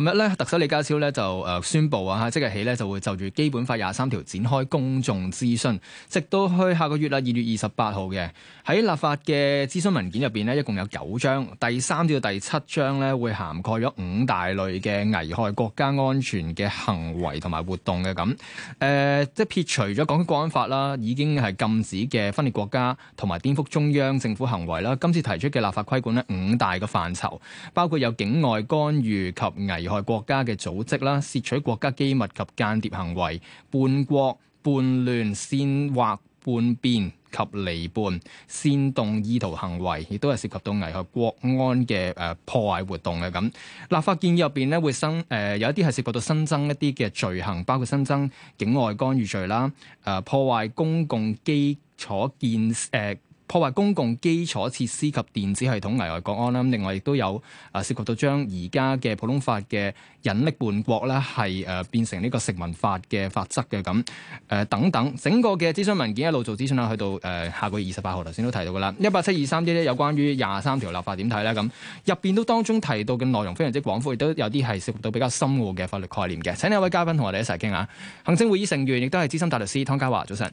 今日咧，特首李家超咧就誒宣布啊，即日起咧就會就住基本法廿三條展開公眾諮詢，直到去下個月啦，二月二十八號嘅。喺立法嘅諮詢文件入邊呢，一共有九章，第三至到第七章咧會涵蓋咗五大類嘅危害國家安全嘅行為同埋活動嘅咁，誒、呃、即係撇除咗《港區國安法》啦，已經係禁止嘅分裂國家同埋顛覆中央政府行為啦。今次提出嘅立法規管呢，五大嘅範疇，包括有境外干預及危，危害國家嘅組織啦，竊取國家機密及間諜行為，叛國、叛亂、煽惑叛變及離叛、煽動意圖行為，亦都係涉及到危害國安嘅誒破壞活動嘅。咁立法建議入邊咧會生誒、呃、有一啲係涉及到新增一啲嘅罪行，包括新增境外干預罪啦，誒、呃、破壞公共基礎建誒。呃破壞公共基礎設施及電子系統危害國安啦，咁另外亦都有啊，涉及到將而家嘅普通法嘅引力叛國咧，係誒變成呢個成文法嘅法則嘅咁誒等等，整個嘅諮詢文件一路做諮詢啦。去到誒下個月二十八號，頭先都提到噶啦，一八七二三一一有關於廿三條立法點睇？咧咁，入邊都當中提到嘅內容非常之廣闊，亦都有啲係涉及到比較深奧嘅法律概念嘅。請兩位嘉賓同我哋一齊傾下，行政會議成員亦都係資深大律師湯家驊，早晨。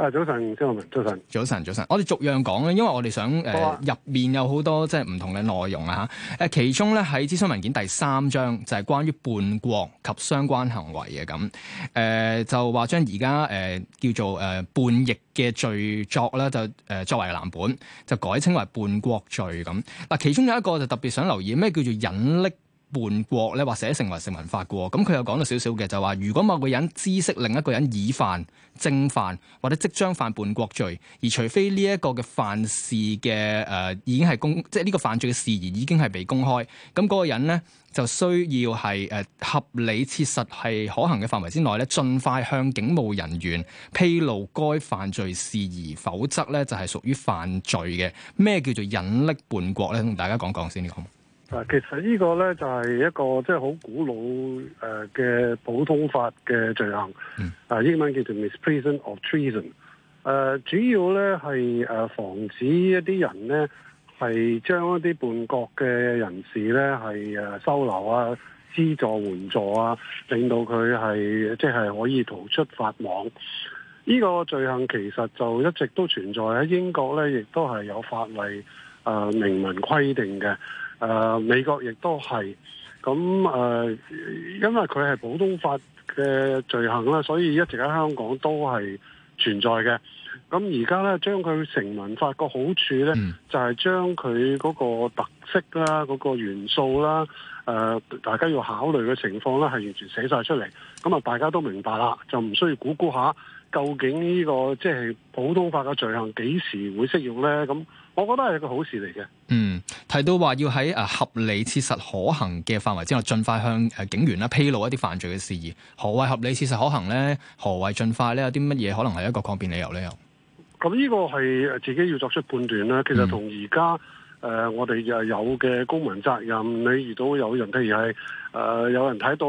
啊！早晨，張浩明，早晨，早晨，早晨，我哋逐樣講咧，因為我哋想誒，入、啊呃、面有好多即係唔同嘅內容啊吓。誒，其中咧喺諮詢文件第三章就係、是、關於叛國及相關行為嘅咁。誒、呃，就話將而家誒叫做誒、呃、叛逆嘅罪作咧，就、呃、誒作為藍本，就改稱為叛國罪咁。嗱，其中有一個就特別想留意咩叫做引力？叛國咧，或者成為成文法嘅喎。咁佢又講到少少嘅，就話如果某個人知悉另一個人已犯、正犯或者即將犯叛國罪，而除非呢一個嘅犯事嘅誒已經係公，即係呢個犯罪嘅事宜已經係被公開，咁、那、嗰個人咧就需要係誒、呃、合理、切實係可行嘅範圍之內咧，盡快向警務人員披露該犯罪事宜，否則咧就係屬於犯罪嘅。咩叫做隱匿叛國咧？同大家講講先呢個。嗱，其實呢個呢，就係一個即係好古老誒嘅普通法嘅罪行，啊英文叫做 misprision of treason。主要呢係防止一啲人呢係將一啲叛國嘅人士呢係收留啊、資助援助啊，令到佢係即係可以逃出法網。呢個罪行其實就一直都存在喺英國呢，亦都係有法例明文規定嘅。誒、呃、美國亦都係，咁誒、呃、因為佢係普通法嘅罪行啦，所以一直喺香港都係存在嘅。咁而家咧將佢成文法個好處咧，就係、是、將佢嗰個特色啦、嗰、那個元素啦、誒、呃、大家要考慮嘅情況啦，係完全寫晒出嚟。咁啊，大家都明白啦，就唔需要估估下究竟呢、這個即係、就是、普通法嘅罪行幾時會適用咧？咁我覺得係一個好事嚟嘅。嗯，提到話要喺合理、切實、可行嘅範圍之內，盡快向警員啦披露一啲犯罪嘅事宜。何謂合理、切實、可行咧？何謂盡快咧？有啲乜嘢可能係一個抗辯理由咧？又咁呢個係自己要作出判斷啦。其實同而家。嗯誒、呃，我哋又有嘅公民責任。你遇到有人，譬如係誒有人睇到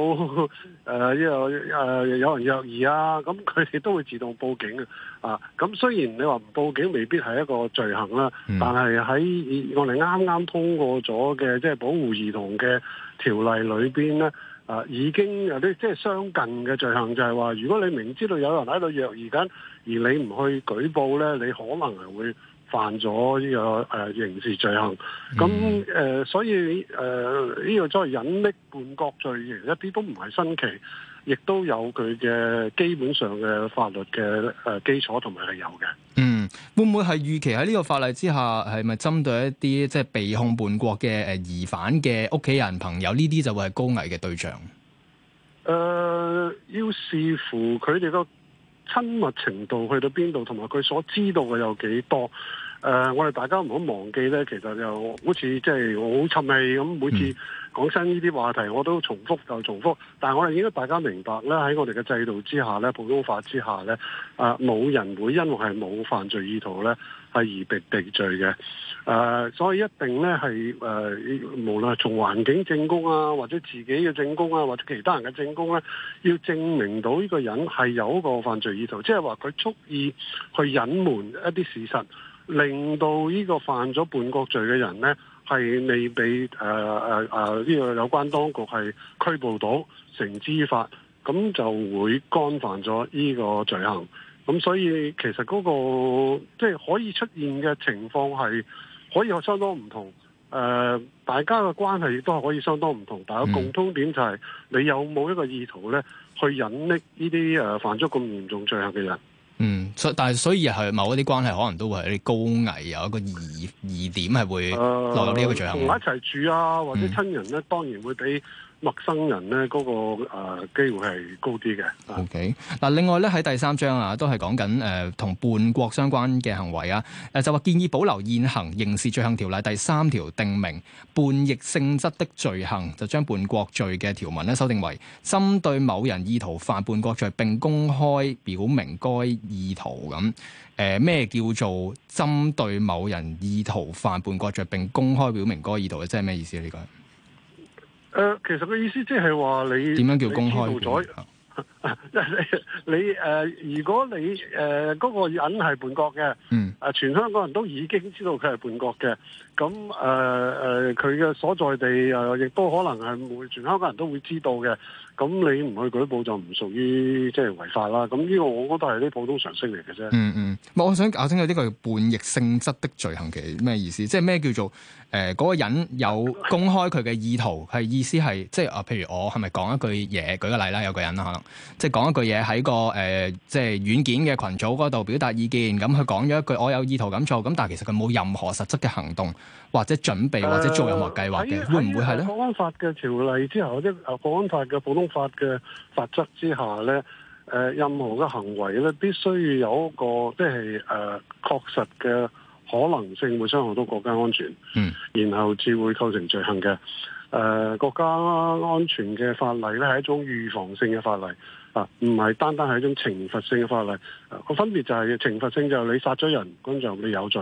誒，有人虐兒、呃呃呃、啊，咁佢哋都會自動報警啊。啊，咁雖然你話唔報警未必係一個罪行啦，但係喺我哋啱啱通過咗嘅即係保護兒童嘅條例裏面咧，啊已經有啲即係相近嘅罪行就，就係話如果你明知道有人喺度虐兒緊，而你唔去舉報咧，你可能係會。犯咗呢個誒刑事罪行，咁誒、嗯呃、所以誒呢、呃呢個再隱匿叛國罪行一啲都唔係新奇，亦都有佢嘅基本上嘅法律嘅誒、呃、基礎同埋係有嘅。嗯，會唔會係預期喺呢個法例之下係咪針對一啲即係被控叛國嘅誒疑犯嘅屋企人朋友呢啲就會係高危嘅對象？誒、呃，要視乎佢哋個。親密程度去到邊度，同埋佢所知道嘅有幾多？誒、呃，我哋大家唔好忘記咧，其實就好似即係我好沉氣咁，每次講親呢啲話題，我都重複又重複。但係我哋應該大家明白咧，喺我哋嘅制度之下咧，普通法之下咧，啊、呃、冇人會因為係冇犯罪意圖咧係而被定罪嘅。誒、呃，所以一定咧係誒，無論係從環境證供啊，或者自己嘅證供啊，或者其他人嘅證供咧、啊，要證明到呢個人係有個犯罪意圖，即係話佢蓄意去隱瞞一啲事實，令到呢個犯咗叛國罪嘅人咧，係未被誒誒誒呢個有關當局係拘捕到、繩之於法，咁就會干犯咗呢個罪行。咁所以其實嗰、那個即係、就是、可以出現嘅情況係可以有相當唔同，誒大家嘅關係亦都可以相當唔同，、呃、同，但係共通點就係你有冇一個意圖咧去隱匿呢啲誒犯咗咁嚴重罪行嘅人？嗯，所但係所以係某一啲關係可能都會有一啲高危，有一個疑疑點係會落入呢、呃、一個罪行。同一齊住啊，或者親人咧，嗯、當然會畀。陌生人咧嗰、那個誒、呃、機會係高啲嘅。O K，嗱另外咧喺第三章啊，都係講緊誒同叛國相關嘅行為啊。誒就話建議保留現行刑事罪行條例第三條定名叛逆性質的罪行，就將叛國罪嘅條文咧修訂為針對某人意圖犯叛國罪並公開表明該意圖咁。誒、呃、咩叫做針對某人意圖犯叛國罪並公開表明該意圖？即係咩意思啊？呢個？誒、呃，其實個意思即係話你點樣叫公開？ 你你誒、呃，如果你誒嗰、呃那個人係叛國嘅，嗯，啊，全香港人都已經知道佢係叛國嘅，咁誒誒，佢、呃、嘅所在地誒、呃，亦都可能係會全香港人都會知道嘅。咁你唔去舉報就唔屬於即係違法啦。咁呢個我覺得係啲普通常識嚟嘅啫。嗯嗯，我想搞清楚呢個叛逆性質的罪行其咩意思？即係咩叫做誒嗰、呃那個人有公開佢嘅意圖，係意思係即係啊？譬如我係咪講一句嘢？舉個例啦，有個人啦，可能。即係講一句嘢喺個、呃、即係軟件嘅群組嗰度表達意見，咁佢講咗一句我有意圖咁做，咁但其實佢冇任何實質嘅行動或者準備或者做任何計劃嘅，呃、會唔會係咧？國安法嘅條例之後即國安法嘅普通法嘅法則之下咧、呃，任何嘅行為咧必須要有一個即係誒、呃、確實嘅可能性會傷害到國家安全，嗯，然後至會構成罪行嘅。誒、呃、國家安全嘅法例咧係一種預防性嘅法例。啊，唔係單單係一種懲罰性嘅法例，啊，個分別就係懲罰性就係你殺咗人，咁就你有罪。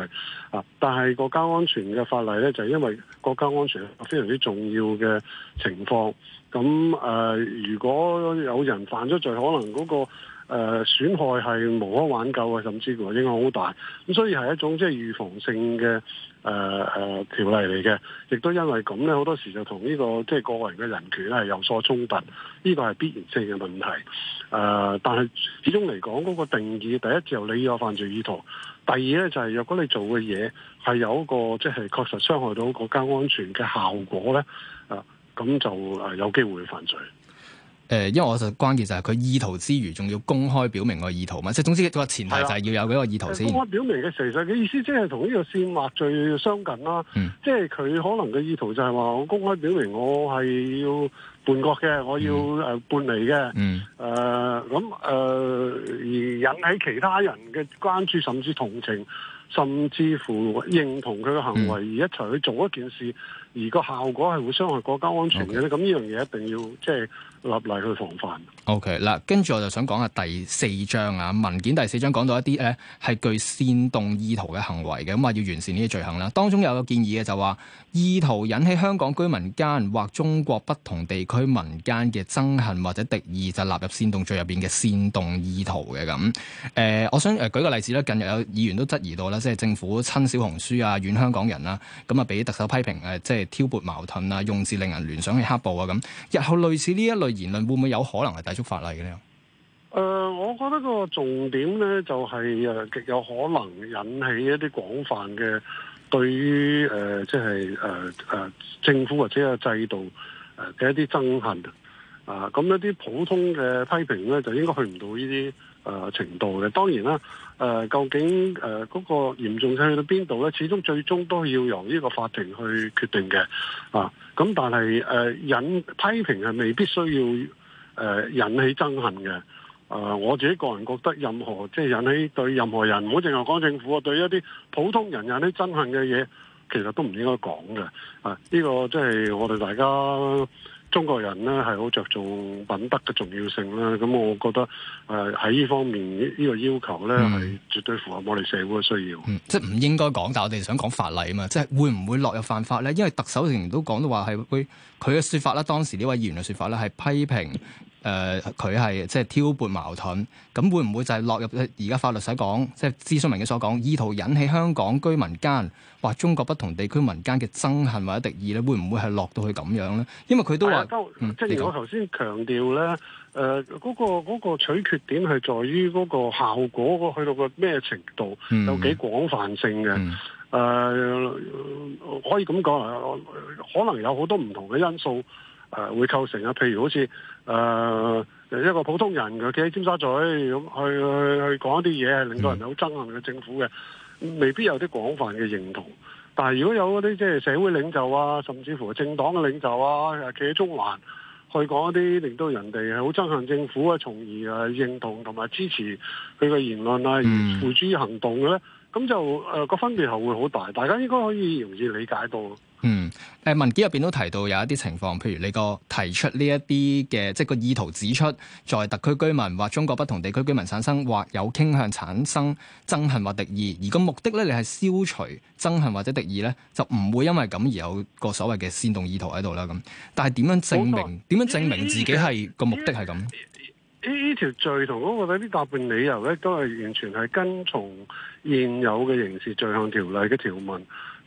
啊，但係國家安全嘅法例呢，就係因為國家安全非常之重要嘅情況，咁誒、呃，如果有人犯咗罪，可能嗰、嗰個誒、呃、損害係無可挽救嘅。甚至乎影響好大。咁所以係一種即係預防性嘅。誒誒，條例嚟嘅，亦都因為咁咧，好多時就同呢個即係個人嘅人權咧係有所衝突，呢個係必然性嘅問題。誒，但係始終嚟講，嗰個定義，第一就你要有犯罪意圖，第二咧就係若果你做嘅嘢係有一個即係確實傷害到國家安全嘅效果咧，啊，咁就誒有機會犯罪。誒，因為我就關鍵就係佢意圖之餘，仲要公開表明個意圖嘛。即係總之，個前提就係要有一個意圖先。公開表明嘅，其實嘅意思即係同呢個煽惑最相近啦、啊。嗯、即係佢可能嘅意圖就係話，我公開表明我係要叛國嘅，我要誒叛離嘅。誒咁、嗯嗯呃呃、而引起其他人嘅關注，甚至同情，甚至乎認同佢嘅行為，嗯、而一齊去做一件事，而個效果係會傷害國家安全嘅咧。咁呢 Okay. 樣嘢一定要即係。立例去防範。OK，嗱，跟住我就想講下第四章啊，文件第四章講到一啲咧係具煽動意圖嘅行為嘅，咁啊要完善呢啲罪行啦。當中有個建議嘅就話，意圖引起香港居民間或中國不同地區民間嘅憎恨或者敵意，就納入煽動罪入邊嘅煽動意圖嘅咁。誒，我想誒舉個例子啦，近日有議員都質疑到咧，即係政府親小紅書啊，遠香港人啦，咁啊俾特首批評誒，即係挑撥矛盾啊，用字令人聯想起黑暴啊咁。日後類似呢一類。言論會唔會有可能係抵觸法例嘅咧？誒、呃，我覺得個重點咧就係誒極有可能引起一啲廣泛嘅對於誒即係誒誒政府或者制度誒嘅一啲憎恨啊！咁一啲普通嘅批評咧就應該去唔到呢啲誒程度嘅。當然啦，誒、呃、究竟誒嗰、呃那個嚴重性去到邊度咧？始終最終都要由呢個法庭去決定嘅啊。咁但係誒引批評係未必需要誒、呃、引起憎恨嘅，誒、呃、我自己個人覺得任何即係、就是、引起對任何人，唔好淨係講政府啊，對一啲普通人引起憎恨嘅嘢，其實都唔應該講嘅啊！呢、呃這個即係我哋大家。中國人咧係好着重品德嘅重要性啦，咁我覺得誒喺呢方面呢、呢個要求咧係絕對符合我哋社會嘅需要。嗯，即唔應該講，但我哋想講法例啊嘛，即係會唔會落入犯法咧？因為特首仍然都講到話係佢佢嘅說法啦，當時呢位議員嘅説法咧係批評。誒，佢係、呃、即係挑撥矛盾，咁會唔會就係落入而家法律所講，即係諮詢文件所講，意圖引起香港居民間或中國不同地區民間嘅憎恨或者敵意咧？會唔會係落到去咁樣咧？因為佢都話，嗯、即係我頭先強調咧，誒嗰、嗯、說個取決點係在於嗰個效果，嗰去到個咩程度，有幾廣泛性嘅。誒、嗯嗯呃，可以咁講，可能有好多唔同嘅因素誒，會構成啊，譬如好似。誒、呃、一個普通人佢企喺尖沙咀咁去去講一啲嘢令到人哋好憎恨嘅政府嘅，未必有啲廣泛嘅認同。但係如果有嗰啲即係社會領袖啊，甚至乎政黨嘅領袖啊，企喺中環去講一啲令到人哋好憎恨政府啊，從而誒認同同埋支持佢嘅言論啊，付諸行動嘅呢，咁就誒、呃嗰個分別係會好大。大家應該可以容易理解到。嗯，誒文件入邊都提到有一啲情況，譬如你個提出呢一啲嘅，即係個意圖指出，在特區居民或中國不同地區居民產生或有傾向產生憎恨或敵意，而個目的咧，你係消除憎恨或者敵意咧，就唔會因為咁而有個所謂嘅煽動意圖喺度啦。咁，但係點樣證明？點這樣證明自己係個這目的係咁？呢呢條罪同我覺得啲答辯理由咧，都係完全係跟從現有嘅刑事罪行條例嘅條文。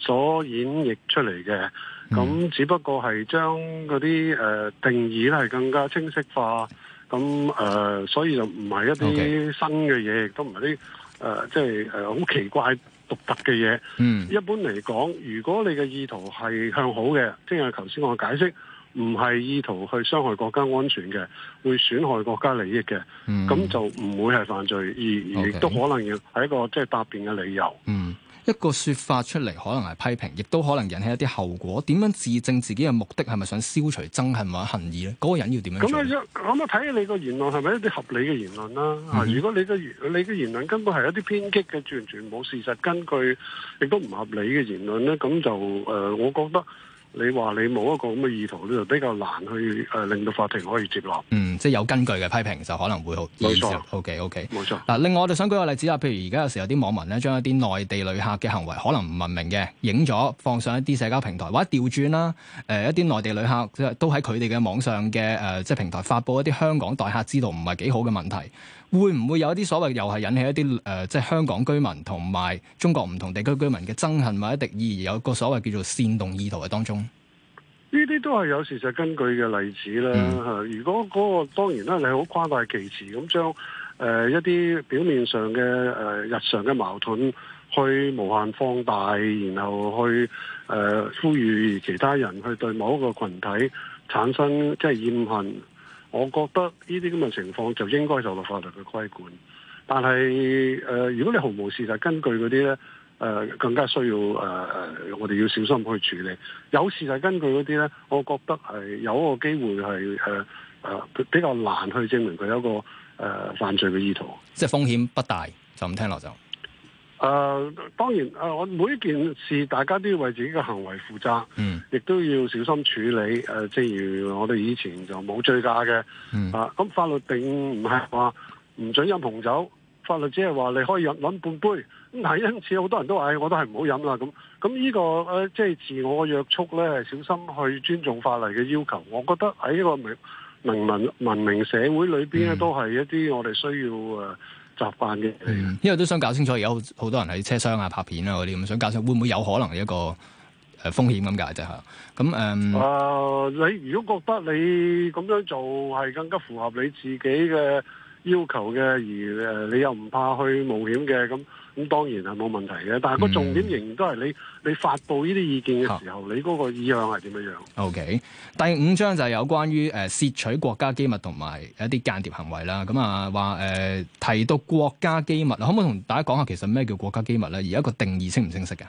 所演繹出嚟嘅，咁只不過係將嗰啲誒定義咧係更加清晰化，咁誒、呃，所以就唔係一啲新嘅嘢，亦都唔係啲誒即係誒好奇怪獨特嘅嘢。嗯，一般嚟講，如果你嘅意圖係向好嘅，即係頭先我解釋唔係意圖去傷害國家安全嘅，會損害國家利益嘅，咁、嗯、就唔會係犯罪，而亦 Okay. 都可能要係一個即係、就是、答辯嘅理由。嗯。一個說法出嚟，可能係批評，亦都可能引起一啲後果。點樣自證自己嘅目的係咪想消除憎恨或者恨意咧？嗰、嗰個人要點樣做？咁、就是、啊，一睇下你個言論係咪一啲合理嘅言論啦。如果你嘅言你嘅言論根本係一啲偏激嘅，完全冇事實根據，亦都唔合理嘅言論咧，咁就誒、呃，我覺得。你話你冇一個咁嘅意圖，呢就比較難去、呃、令到法庭可以接納嗯，即係有根據嘅批評就可能會好。冇錯，OK OK，冇錯。嗱，另外，我就想舉個例子啊，譬如而家有時候有啲網民咧將一啲內地旅客嘅行為可能唔文明嘅影咗放上一啲社交平台，或者調轉啦，一啲內地旅客即係都喺佢哋嘅網上嘅、呃、即係平台發布一啲香港待客之道唔係幾好嘅問題。會唔會有一啲所謂又係引起一啲誒、呃，即係香港居民同埋中國唔同地區居民嘅憎恨或者敵意，而有個所謂叫做煽動意圖嘅當中？呢啲都係有事實根據嘅例子啦。嗯、如果嗰、那個當然啦，你好誇大其詞咁將誒、呃、一啲表面上嘅誒、呃、日常嘅矛盾去無限放大，然後去誒、呃、呼籲其他人去對某一個群體產生即係厭恨。我覺得呢啲咁嘅情況就應該受到法律嘅規管，但係誒、呃，如果你毫無事實根據嗰啲咧，誒、呃、更加需要誒誒、呃，我哋要小心去處理。有事實根據嗰啲咧，我覺得係有一個機會係誒誒比較難去證明佢有一個誒、呃、犯罪嘅意圖，即係風險不大，就咁聽落就。誒、呃，當然誒，我、呃、每一件事，大家都要為自己嘅行為負責，嗯，亦都要小心處理。誒、呃，正如我哋以前就冇醉駕嘅，啊、嗯，咁、呃、法律並唔係話唔准飲紅酒，法律只係話你可以飲飲半杯。咁但係因此，好多人都話、哎，我都係唔好飲啦。咁咁呢個誒，即、呃、係、就是、自我約約束咧，小心去尊重法例嘅要求。我覺得喺呢個民民文文明社會裏邊咧，都係一啲我哋需要誒。嗯呃習慣嘅，因為都想搞清楚，而家好多人喺車廂啊、拍片啊嗰啲咁，想搞清楚會唔會有可能一、這個誒、呃、風險咁解啫吓，咁誒，啊、嗯呃，你如果覺得你咁樣做係更加符合你自己嘅要求嘅，而誒、呃、你又唔怕去冒險嘅咁。咁當然係冇問題嘅，但係個重點仍然都係你你發布呢啲意見嘅時候，嗯、你嗰個意向係點樣樣？O K，第五章就係有關於誒竊取國家機密同埋一啲間諜行為啦。咁啊，話誒提到國家機密，可唔可以同大家講下其實咩叫國家機密咧？而家個定義清唔清晰嘅？誒、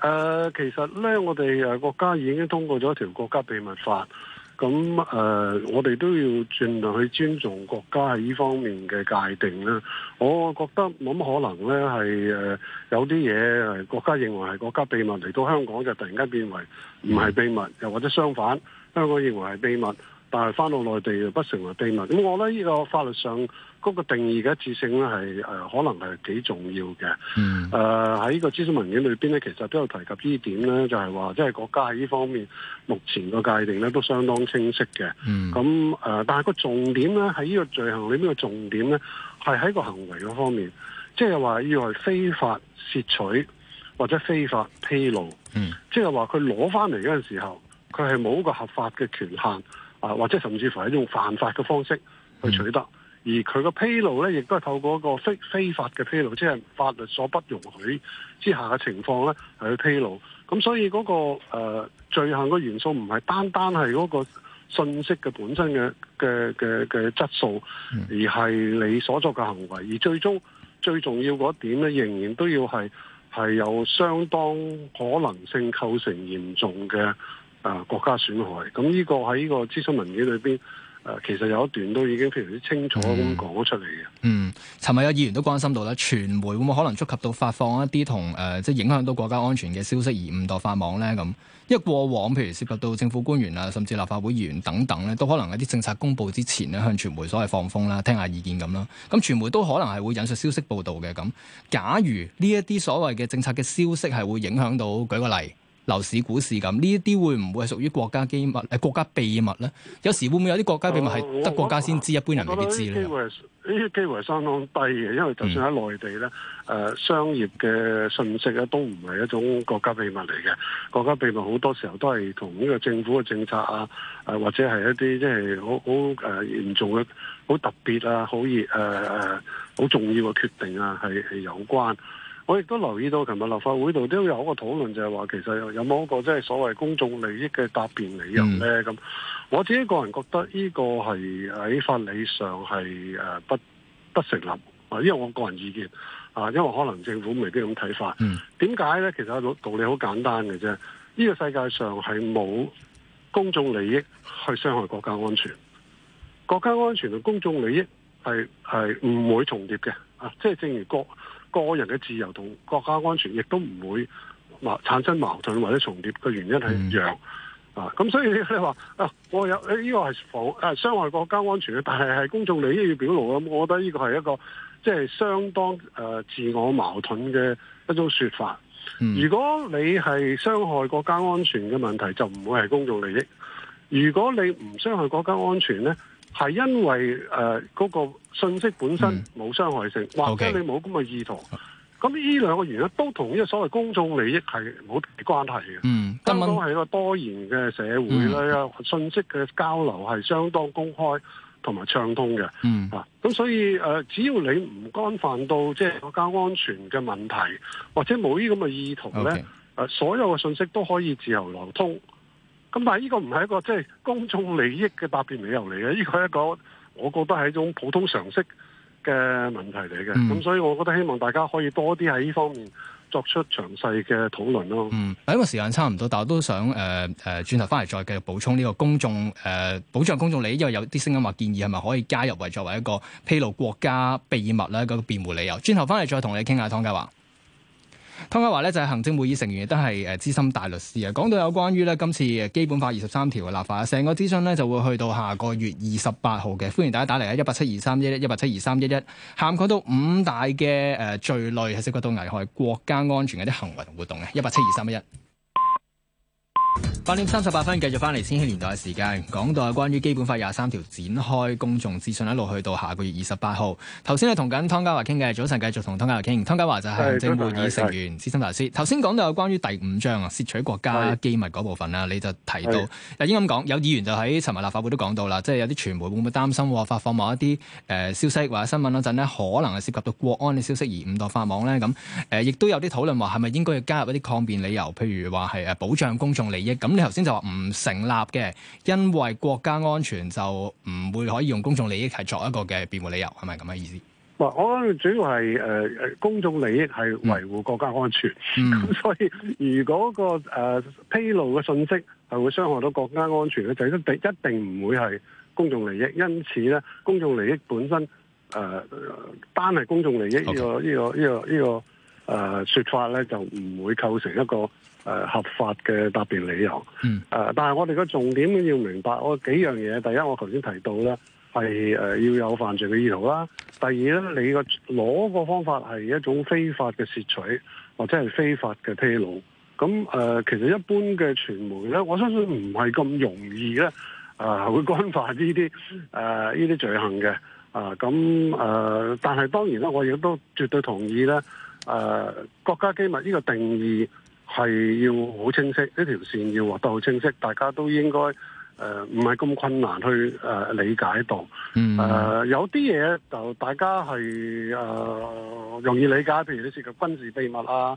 呃，其實咧，我哋誒國家已經通過咗一條國家秘密法。咁誒、呃，我哋都要盡量去尊重國家喺呢方面嘅界定啦。我覺得冇乜可能呢係有啲嘢國家認為係國家秘密，嚟到香港就突然間變為唔係秘密，又或者相反，香港認為係秘密。但係翻到內地又不成為秘密，咁我覺得呢個法律上嗰、那個定義嘅一致性咧係、呃、可能係幾重要嘅。誒喺呢個諮詢文件裏邊咧，其實都有提及呢點咧，就係話即係國家喺呢方面目前個界定咧都相當清晰嘅。咁誒、嗯呃，但係個重點咧喺呢個罪行裏面個重點咧係喺個行為嗰方面，即係話要係非法竊取或者非法披露，即係話佢攞翻嚟嗰陣時候，佢係冇一個合法嘅權限。啊，或者甚至乎係一種犯法嘅方式去取得，嗯、而佢個披露咧，亦都係透過一個非非法嘅披露，即係法律所不容許之下嘅情況咧，係去披露。咁所以嗰、嗰個誒、呃、罪行嘅元素唔係單單係嗰個信息嘅本身嘅嘅嘅嘅質素，而係你所作嘅行為，而最終最重要嗰一點咧，仍然都要係係有相當可能性構成嚴重嘅。啊，國家損害咁呢個喺呢個諮詢文件裏邊、呃、其實有一段都已經非常之清楚咁講出嚟嘅、嗯。嗯，尋日有議員都關心到咧，傳媒會唔會可能觸及到發放一啲同、呃、即係影響到國家安全嘅消息而誤墮法網呢？咁因為過往譬如涉及到政府官員啊，甚至立法會議員等等咧，都可能一啲政策公佈之前咧，向傳媒所謂放風啦，聽下意見咁啦。咁傳媒都可能係會引述消息報導嘅。咁假如呢一啲所謂嘅政策嘅消息係會影響到，舉個例。樓市、股市咁呢一啲，會唔會係屬於國家機密、國家秘密咧？有時會唔會有啲國家秘密係得國家先知，一般人未必知咧？呢呢啲機會係相當低嘅，因為就算喺內地咧、嗯啊，商業嘅信息都唔係一種國家秘密嚟嘅。國家秘密好多時候都係同呢個政府嘅政策啊，啊或者係一啲即係好好嚴重嘅、好特別啊、好熱、啊啊、好重要嘅決定啊，係係有關。我亦都留意到，琴日立法會度都有一個討論，就係話其實有冇一個即係所謂公眾利益嘅答辯理由咧？咁、嗯、我自己個人覺得呢個係喺法理上係誒不不成立啊，因為我個人意見啊，因為可能政府未必咁睇法。點解咧？其實道理好簡單嘅啫，呢、這個世界上係冇公眾利益去傷害國家安全，國家安全同公眾利益係係唔會重疊嘅啊！即、就、係、是、正如國。個人嘅自由同國家安全亦都唔會矛產生矛盾或者重疊嘅原因係一樣、嗯、啊！咁所以你話啊，我有呢、這個係妨誒傷害國家安全嘅，但係係公眾利益要表露咁，我覺得呢個係一個即係、就是、相當誒、呃、自我矛盾嘅一種説法。嗯、如果你係傷害國家安全嘅問題，就唔會係公眾利益；如果你唔傷害國家安全呢？係因為誒嗰、呃、那個信息本身冇傷害性，或者你冇咁嘅意圖，咁呢 Okay. 兩個原因都同呢個所謂公眾利益係冇關係嘅。嗯，香港係一個多元嘅社會咧、嗯啊，信息嘅交流係相當公開同埋暢通嘅。嗯，啊，咁所以誒、呃，只要你唔干犯到即係國家安全嘅問題，或者冇呢咁嘅意圖咧，誒 Okay.、呃，所有嘅信息都可以自由流通。咁但係呢個唔係一個即係、就是、公眾利益嘅答辯理由嚟嘅，呢個係一個我覺得係一種普通常識嘅問題嚟嘅。咁、嗯、所以，我覺得希望大家可以多啲喺呢方面作出詳細嘅討論咯、啊。嗯，一、這個時間差唔多，但係我都想誒誒轉頭翻嚟再繼續補充呢個公眾誒、呃、保障公眾利益，因為有啲聲音話建議係咪可以加入為作為一個披露國家秘密嗰個辯護理由。轉頭翻嚟再同你傾下湯家驊。湯家驊咧就係行政會議成員，亦都係誒資深大律師啊。講到有關於咧今次基本法二十三條嘅立法，成個諮詢咧就會去到下個月二十八號嘅。歡迎大家打嚟啊，一八七二三一一一八七二三一一，涵蓋到五大嘅誒罪類係涉及到危害國家安全嘅啲行為同活動嘅，一八七二三一一。八點三十八分繼續翻嚟《千禧年代》嘅時間，講到係關於基本法廿三條展開公眾諮詢一路去到下個月二十八號。頭先係同緊湯家驊傾嘅，早晨繼續同湯家驊傾。湯家驊就係行政會議成員、資深大律師。頭先講到有關於第五章啊，竊取國家機密嗰部分啦，是你就提到，誒應該咁講，有議員就喺尋日立法會都講到啦，即係有啲傳媒會唔會擔心喎、哦、發放某一啲誒、呃、消息或者新聞嗰陣咧，可能係涉及到國安嘅消息而誤墮法網呢？咁誒，亦、呃、都有啲討論話係咪應該要加入一啲抗辯理由，譬如話係誒保障公眾利益咁。你頭先就話唔成立嘅，因為國家安全就唔會可以用公眾利益係作一個嘅辯護理由，係咪咁嘅意思？唔係，我主要係誒誒公眾利益係維護國家安全，咁、嗯、所以如果、個誒、呃、披露嘅信息係會傷害到國家安全咧，就一定唔會係公眾利益。因此咧，公眾利益本身誒、呃、單係公眾利益呢 Okay.、這個呢、這個呢、這個呢、這個誒說、呃、法咧，就唔會構成一個。誒合法嘅答辯理由，誒、嗯呃，但係我哋嘅重點要明白，我幾樣嘢。第一，我頭先提到咧，係、呃、要有犯罪嘅意圖啦。第二咧，你個攞個方法係一種非法嘅竊取，或者係非法嘅披露。咁誒、呃，其實一般嘅傳媒咧，我相信唔係咁容易咧，啊、呃，會干化呢啲誒呢啲罪行嘅。啊，咁誒，但係、呃、當然啦，我亦都絕對同意咧，誒、呃，國家機密呢個定義。係要好清晰，呢條線要劃得好清晰，大家都應該誒唔係咁困難去誒、呃、理解到。誒、呃、有啲嘢就大家係誒、呃、容易理解，譬如你涉及軍事秘密啊、誒、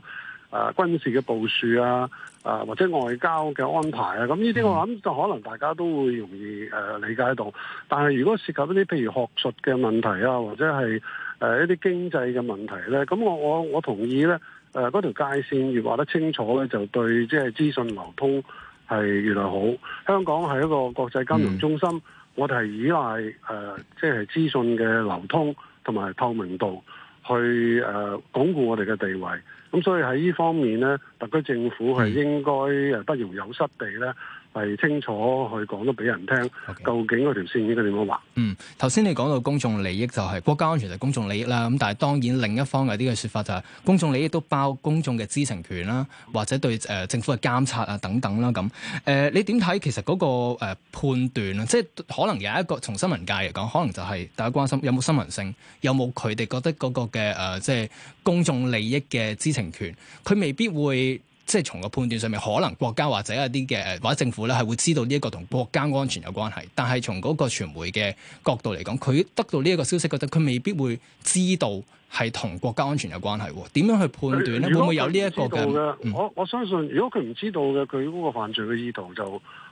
呃、軍事嘅部署啊、誒、呃、或者外交嘅安排啊，咁呢啲我諗就可能大家都會容易誒、呃、理解到。但係如果涉及一啲譬如學術嘅問題啊，或者係誒、呃、一啲經濟嘅問題咧，咁我我我同意咧。誒嗰、呃、條界線越畫得清楚咧，就對即係資訊流通係越來越好。香港係一個國際金融中心，我哋係依賴誒即係資訊嘅流通同埋透明度去誒、呃、鞏固我哋嘅地位。咁所以喺呢方面咧，特區政府係應該誒不容有失地咧。係清楚去講得俾人聽，Okay. 究竟嗰條線應該點樣畫？嗯，頭先你講到公眾利益就係、是、國家安全係公眾利益啦。咁但係當然另一方有啲嘅説法就係、是、公眾利益都包公眾嘅知情權啦，或者對誒、呃、政府嘅監察啊等等啦咁。誒、呃，你點睇其實嗰、那個、呃、判斷咧？即係可能有一個從新聞界嚟講，可能就係、是、大家關心有冇新聞性，有冇佢哋覺得嗰個嘅誒、呃、即係公眾利益嘅知情權，佢未必會。即係從個判斷上面，可能國家或者一啲嘅或者政府咧，係會知道呢一個同國家安全有關係。但係從嗰個傳媒嘅角度嚟講，佢得到呢一個消息，覺得佢未必會知道係同國家安全有關係。點樣去判斷咧？會唔會有呢一個嘅？我我相信，如果佢唔知道嘅，佢嗰個犯罪嘅意圖就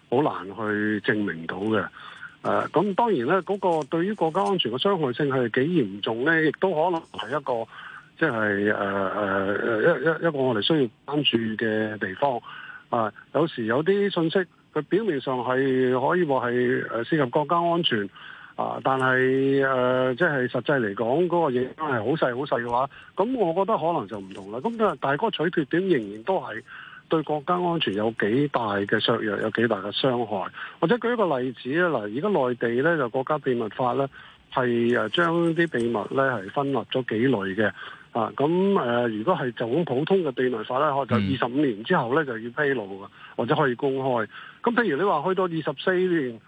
好難去證明到嘅。誒、呃，咁當然咧，嗰、嗰個對於國家安全嘅傷害性係幾嚴重咧，亦都可能係一個。即係誒誒誒一一一個我哋需要關注嘅地方啊！有時有啲信息，佢表面上係可以話係誒涉及國家安全啊，但係誒即係實際嚟講，嗰、嗰個影響係好細好細嘅話，咁我覺得可能就唔同啦。咁但係，但係嗰個取決點仍然都係對國家安全有幾大嘅削弱，有幾大嘅傷害。或者舉一個例子咧，嗱，而家內地咧就國家秘密法咧係誒將啲秘密咧係分立咗幾類嘅。啊，咁誒，如果係就普通嘅地雷法咧，嗬，就二十五年之後咧就要披露嘅，或者可以公開。咁譬如你話去到二十四年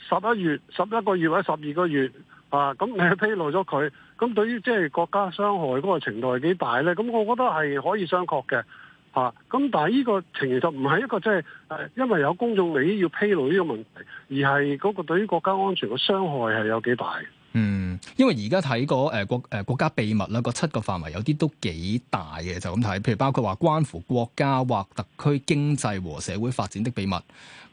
十一月十一個月或者十二個月，啊，咁你披露咗佢，咁對於即係國家傷害嗰個程度係幾大咧？咁我覺得係可以商榷嘅，嚇。咁但係呢個情形就唔係一個即係誒，因為有公眾利益要披露呢個問題，而係嗰個對於國家安全嘅傷害係有幾大。嗯，因為而家睇過誒國誒國家秘密啦，個七個範圍有啲都幾大嘅，就咁睇，譬如包括話關乎國家或特區經濟和社會發展的秘密，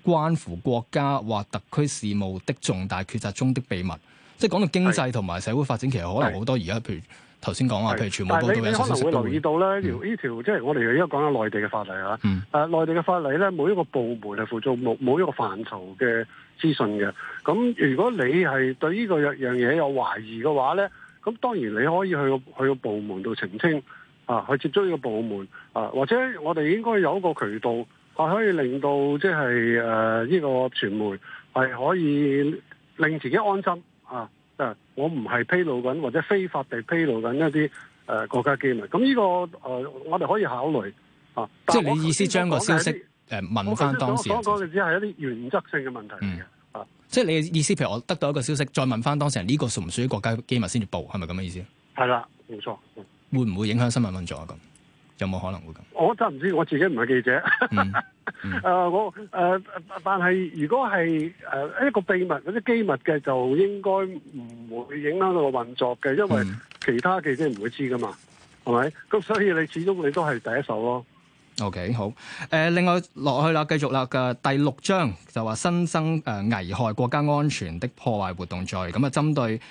關乎國家或特區事務的重大決策中的秘密，即係講到經濟同埋社會發展，是其實可能好多而家，是譬如頭先講話，是譬如傳媒報道有水水水。但係你可能會留意到咧，條呢條即係我哋而家講下內地嘅法例啦。誒、嗯，內、啊、地嘅法例咧，每一個部門係負責某某一個範疇嘅。資訊嘅，咁如果你係對呢個樣嘢有懷疑嘅話咧，咁當然你可以去去個部門度澄清啊，去接觸呢個部門啊，或者我哋應該有一個渠道，係可以令到即係呢個傳媒係可以令自己安心啊！我唔係披露緊或者非法地披露緊一啲誒、呃、國家機密，咁呢、呢個、呃、我哋可以考慮啊。即係你意思將個消息？誒、呃、問翻當時，我講嘅只係一啲原則性嘅問題，即係你嘅意思，譬如我得到一個消息，再問翻當事人，呢、這個屬唔屬於國家機密先至報，係咪咁嘅意思？係啦，冇錯。嗯、會唔會影響新聞運作啊？咁有冇可能會咁？我真唔知道，我自己唔係記者。誒、嗯嗯 呃、我誒、呃，但係如果係誒一個秘密或者機密嘅，就應該唔會影響到個運作嘅，因為其他記者唔會知噶嘛，係咪、嗯？咁所以你始終你都係第一手咯。OK 好，誒、呃、另外落去啦，繼續啦，嘅第六章就話新增誒危害國家安全的破壞活動罪，咁啊，針對誒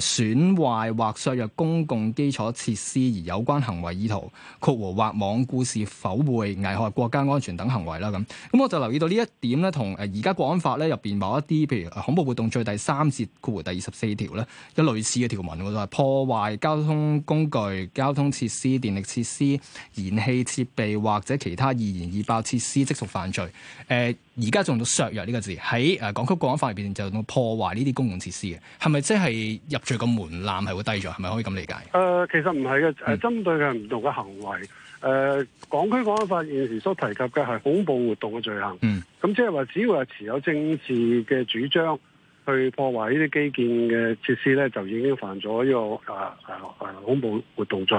損壞或削弱公共基礎設施而有關行為意圖括弧或罔顧是否會危害國家安全等行為啦，咁咁我就留意到呢一點咧，同誒而家國安法咧入邊某一啲譬如恐怖活動罪第三節括弧第二十四條咧有類似嘅條文喎，就係、是、破壞交通工具、交通設施、電力設施、燃氣設備或者。其他易燃易爆設施即屬犯罪。誒、呃，而家仲用到削弱呢個字喺誒《港區國安法》入邊就用到破壞呢啲公共設施嘅，係咪即係入罪個門檻係會低咗？係咪可以咁理解？誒、呃，其實唔係嘅，誒，針對嘅唔同嘅行為。誒、呃，《港區國安法》現時所提及嘅係恐怖活動嘅罪行。嗯。咁即係話，只要係持有政治嘅主張。去破壞呢啲基建嘅設施咧，就已經犯咗呢、呢個誒、啊啊啊、恐怖活動罪。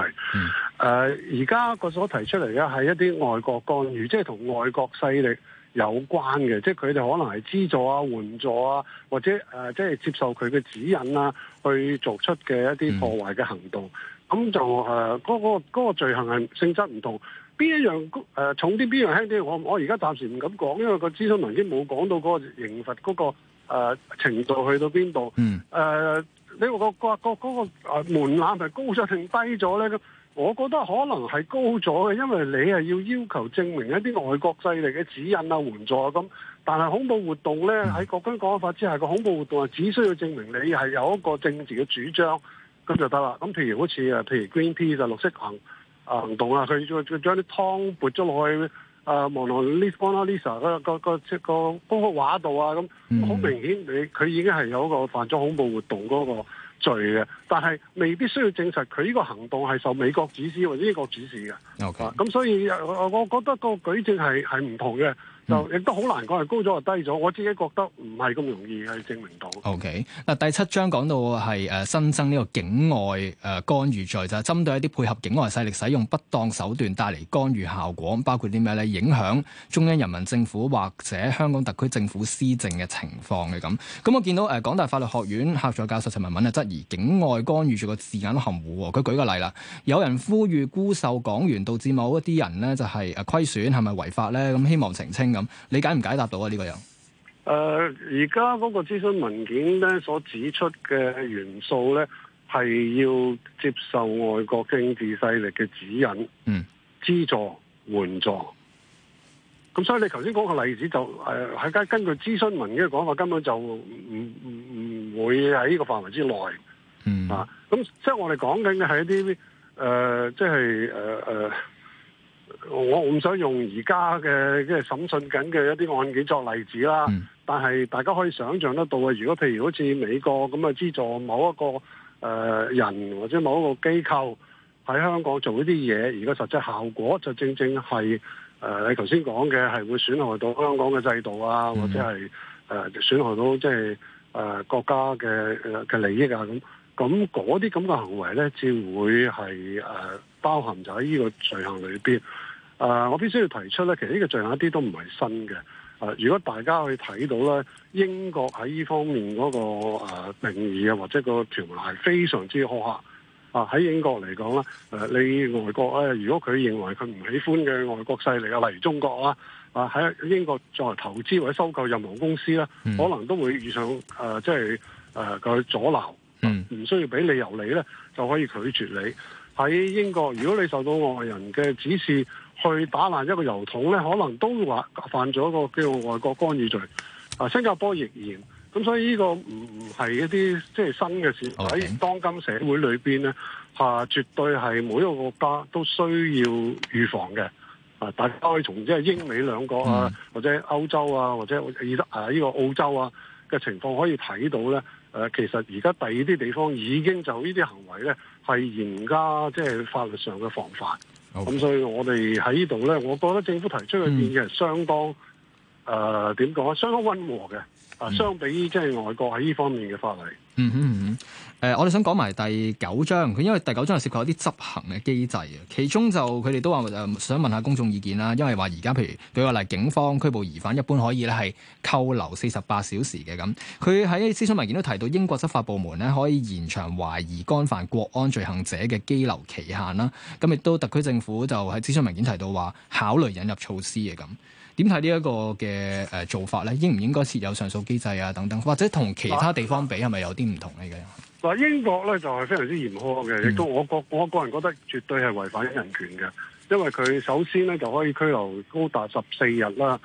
而家個所提出嚟嘅係一啲外國干預，即係同外國勢力有關嘅，即係佢哋可能係資助啊、援助啊，或者誒即係接受佢嘅指引啊，去做出嘅一啲破壞嘅行動。咁、嗯、就誒嗰、呃嗰個嗰、嗰個、罪行係性質唔同，邊一樣、呃、重啲，邊樣輕啲？我我而家暫時唔敢講，因為個諮詢文件冇講到嗰個刑罰嗰、嗰個誒、呃、程度去到邊度？誒、嗯呃、你、那個、那個個個個誒門檻係高咗定低咗咧？我覺得可能係高咗嘅，因為你係要要求證明一啲外國勢力嘅指引啊、援助啊咁。但係恐怖活動咧，喺國安法之下，個恐怖活動只需要證明你係有一個政治嘅主張咁就得啦。咁譬如好似譬如 Greenpeace 就綠色行行動啊，佢將啲湯撥咗落去。啊，望落 Lisa 嗰個即個功夫畫度啊，咁好明顯，你佢已經係有個犯咗恐怖活動嗰個罪嘅，但係未必需要證實佢呢個行動係受美國指示或者英國指示嘅。咁 Okay、嗯、所以我覺得個舉證係係唔同嘅。就亦都好難講，係高咗或低咗。我自己覺得唔係咁容易去證明到。O K. 嗱，第七章講到係誒新增呢個境外誒干預罪，就係、是、針對一啲配合境外勢力使用不當手段帶嚟干預效果，包括啲咩咧？影響中央人民政府或者香港特區政府施政嘅情況嘅咁。咁我見到誒港大法律學院客座教授陳文敏就質疑境外干預罪個字眼都含糊喎。佢舉個例啦，有人呼籲沽售港元，導致某一啲人呢，就係誒虧損，係咪違法咧？咁希望澄清。咁你解唔解答到啊？呢、呃、個又，誒，而家嗰個諮詢文件咧所指出嘅元素咧，係要接受外國經濟勢力嘅指引、嗯，資助、援助，咁所以你頭先講嘅例子就誒，係、呃、根根據諮詢文件嘅講法，根本就唔唔唔會喺呢個範圍之內，嗯啊，咁即係我哋講緊嘅係一啲誒，即係誒誒。呃我唔想用而家嘅即係審訊緊嘅一啲案件作例子啦，嗯、但係大家可以想像得到嘅。如果譬如好似美國咁樣資助某一個誒、呃、人或者某一個機構喺香港做呢啲嘢，而個實際效果就正正係誒、呃、你頭先講嘅，係會損害到香港嘅制度啊，嗯、或者係誒、呃、損害到即係誒國家嘅嘅、呃、利益啊。咁咁嗰啲咁嘅行為咧，至會係誒、呃、包含喺呢個罪行裏邊。誒、呃，我必須要提出咧，其實呢個罪行一啲都唔係新嘅。誒、呃，如果大家去睇到咧，英國喺呢方面嗰、那個定、呃、定義啊，或者個條例係非常之苛刻。啊、呃，喺英國嚟講咧，誒、呃，你外國咧、呃，如果佢認為佢唔喜歡嘅外國勢力啊，例如中國啦，啊，喺、呃、英國作為投資或者收購任何公司咧，嗯、可能都會遇上誒、呃，即係誒佢阻撓。呃、嗯。唔需要俾理由你咧，就可以拒絕你。喺英國，如果你受到外人嘅指示，去打爛一個油桶咧，可能都會話犯咗一個叫外國干預罪。啊，新加坡仍然咁，所以呢個唔唔係一啲即係新嘅事，喺 Okay. 當今社會裏邊咧，係絕對係每一個國家都需要預防嘅。啊，大家可以從即係英美兩國啊，mm hmm. 或者歐洲啊，或者二啊呢個澳洲啊嘅情況可以睇到咧。誒，其實而家第二啲地方已經就呢啲行為咧係嚴加即係法律上嘅防範。咁 Okay. 所以，我哋喺呢度咧，我覺得政府提出嘅建議係相當，誒點講啊，相當溫和嘅，啊、嗯、相比即係外國喺呢方面嘅法例。嗯哼嗯哼。誒、呃，我哋想講埋第九章，佢因為第九章係涉及一啲執行嘅機制啊。其中就佢哋都話、呃，想問下公眾意見啦。因為話而家譬如舉個例，警方拘捕疑犯一般可以咧係扣留四十八小時嘅咁。佢喺諮詢文件都提到，英國執法部門咧可以延長懷疑干犯國安罪行者嘅羈留期限啦。咁亦都特區政府就喺諮詢文件提到話考慮引入措施嘅咁。點睇呢一個嘅做法咧？應唔應該設有上訴機制啊？等等，或者同其他地方比係咪、啊、有啲唔同嚟嘅？嗱，英國咧就係、是、非常之嚴苛嘅，亦都我個我個人覺得絕對係違反人權嘅，因為佢首先咧就可以拘留高達十四日啦，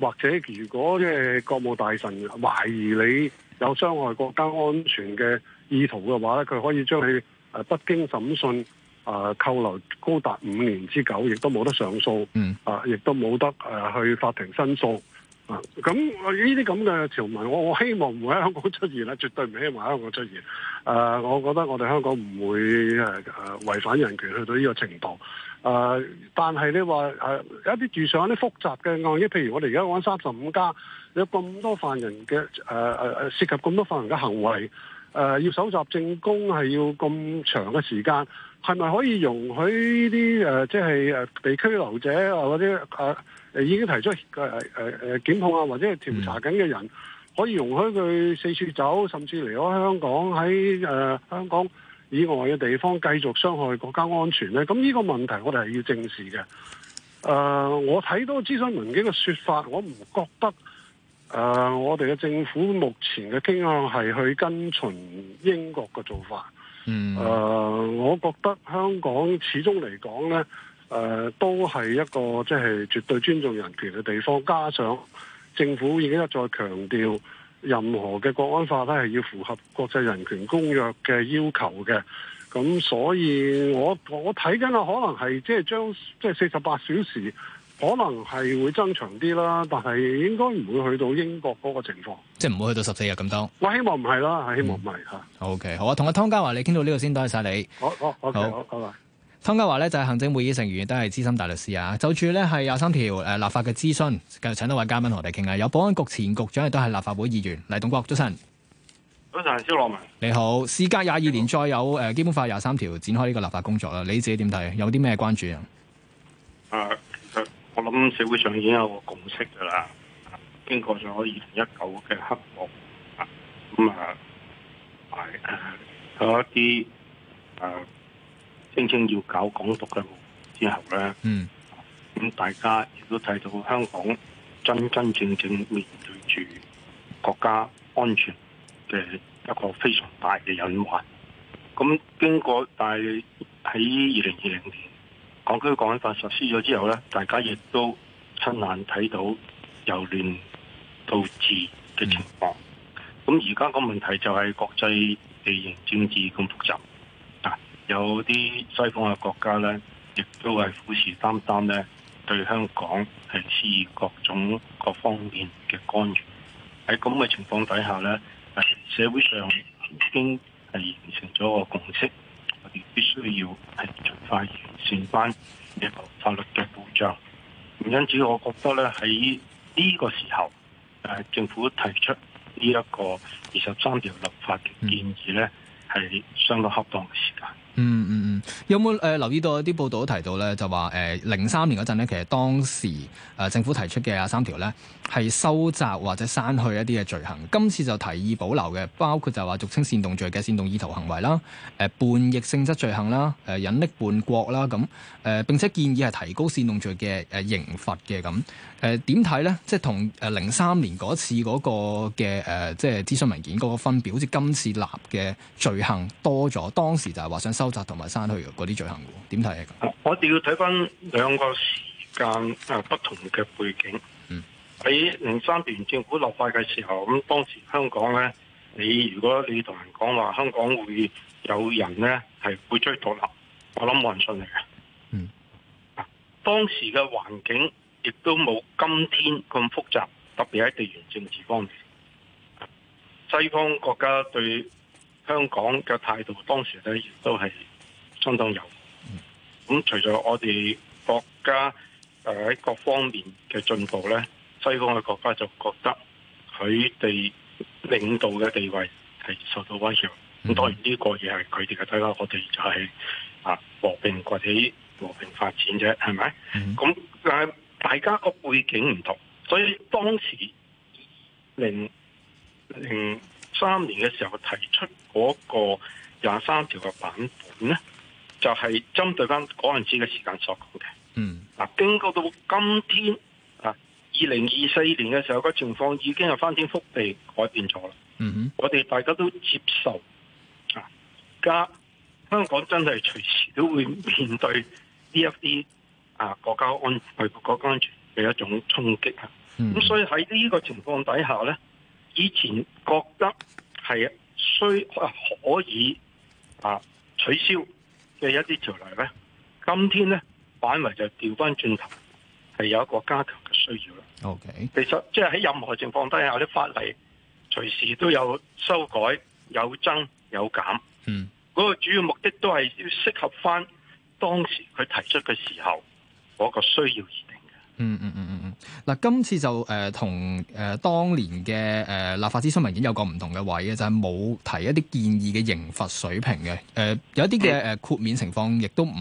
或者如果即係、呃、國務大臣懷疑你有傷害國家安全嘅意圖嘅話咧，佢可以將你誒不經審訊啊、呃、扣留高達五年之久，亦都冇得上訴，啊、呃，亦都冇得誒去法庭申訴。咁呢啲咁嘅條文，我我希望唔會喺香港出現啦，絕對唔希望喺香港出現。出現呃、我覺得我哋香港唔會誒誒、呃、違反人權去到呢個程度。誒、呃，但係你話、呃、有一啲遇上一啲複雜嘅案件，譬如我哋而家玩三十五加，有咁多犯人嘅誒、呃、涉及咁多犯人嘅行為，誒、呃、要搜集證供係要咁長嘅時間。係咪可以容許呢啲誒，即係誒被拘留者啊，或者誒、呃、已經提出誒誒誒檢控啊，或者係調查緊嘅人，可以容許佢四處走，甚至離開香港喺誒、呃、香港以外嘅地方繼續傷害國家安全咧？咁呢個問題我哋係要正視嘅。誒、呃，我睇到諮詢文件嘅說法，我唔覺得誒、呃，我哋嘅政府目前嘅傾向係去跟從英國嘅做法。嗯，誒，我覺得香港始終嚟講呢，誒、呃，都係一個即係絕對尊重人權嘅地方，加上政府已經一再強調，任何嘅國安法咧係要符合國際人權公約嘅要求嘅，咁所以我我睇緊啊，可能係即係將即係四十八小時。可能係會增長啲啦，但係應該唔會去到英國嗰個情況，即係唔會去到十四日咁多。我希望唔係啦，希望唔係吓。嗯、o、okay, K，好啊，同阿湯家驊你傾到呢度先，多謝晒你。我我我，好，拜拜。湯家驊呢，就係行政會議成員，都係資深大律師啊。就住呢係廿三條誒立法嘅諮詢，繼續請到位嘉賓同我哋傾啊。有保安局前局長，亦都係立法會議員黎棟國，早晨。早晨，肖樂文你好。事隔廿二年，好再有誒基本法廿三條展開呢個立法工作啦。你自己點睇？有啲咩關注啊？啊。我諗社會上已經有個共識㗎喇，經過咗二零一九嘅黑幕，咁、嗯嗯、啊，係誒有一啲誒聲稱要搞港獨嘅之後咧，咁、嗯嗯、大家亦都睇到香港真真正正面對住國家安全嘅一個非常大嘅隱患。咁、嗯、經過，但係喺二零二零年，港區國安法實施咗之後咧，大家亦都親眼睇到由亂到治嘅情況。咁而家個問題就係國際地緣政治咁複雜，有啲西方嘅國家咧，亦都係虎視眈眈，咧，對香港係施以各種各方面嘅干預。喺咁嘅情況底下咧，社會上已經係形成咗個共識，必須要係盡快完善翻一個法律嘅保障，因此我覺得咧，喺呢個時候，誒政府提出呢一個二十三條立法嘅建議咧，係相當恰當嘅時間。 嗯嗯嗯，有冇誒留意到一啲報道都提到咧，就話誒零三年嗰陣咧，其實當時誒、呃、政府提出嘅廿三條咧，係收窄或者刪去一啲嘅罪行。今次就提議保留嘅，包括就話俗稱煽動罪嘅煽動意圖行為啦，誒、呃、叛逆性質罪行啦，誒、呃、隱匿叛國啦，咁誒、呃、並且建議係提高煽動罪嘅誒刑罰嘅咁誒點睇咧？即係同誒零三年嗰次嗰個嘅誒即係諮詢文件嗰個分別，好似今次立嘅罪行多咗，當時就係話想收。複雜同埋刪去嗰啲罪行，點睇啊？我哋要睇翻兩個時間誒，不同嘅背景。嗯，喺零三年政府立法嘅時候，咁當時香港咧，你如果你同人講話香港會有人咧係會追獨立，我諗冇人信你嘅。嗯，當時嘅環境亦都冇今天咁複雜，特別喺地緣政治方面，西方國家對。香港嘅態度當時咧亦都係相當友好。咁隨住我哋國家誒喺各方面嘅進步咧，西方嘅國家就覺得佢哋領導嘅地位係受到威脅。咁、mm hmm. 當然呢個嘢係佢哋嘅睇法，我哋就係啊和平崛起、和平發展啫，係咪？咁、mm hmm. 但係大家個背景唔同，所以當時令令。三年嘅時候提出嗰個廿三條嘅版本咧，就係、是、針對翻嗰陣時嘅時間所講嘅。嗯、mm，嗱、hmm. 啊，經過到今天啊，二零二四年嘅時候個情況已經係翻天覆地改變咗啦。嗯、mm hmm. 我哋大家都接受啊，而家香港真係隨時都會面對呢一啲啊國家安全國家安全嘅一種衝擊、mm hmm. 啊。咁所以喺呢個情況底下咧。以前覺得係需可以啊取消嘅一啲條例，呢今天呢，反為就調翻轉頭係有一個加強嘅需要啦。OK，其實即係喺任何情況底下，有啲法例隨時都有修改、有增有減。嗯，嗰個主要目的都係要適合翻當時佢提出嘅時候嗰個需要。嗯嗯嗯嗯嗯，嗱、嗯嗯嗯，今次就誒同誒當年嘅誒立法諮詢文件有個唔同嘅位嘅，就係、是、冇提一啲建議嘅刑罰水平嘅，誒、呃、有一啲嘅誒豁免情況，亦都唔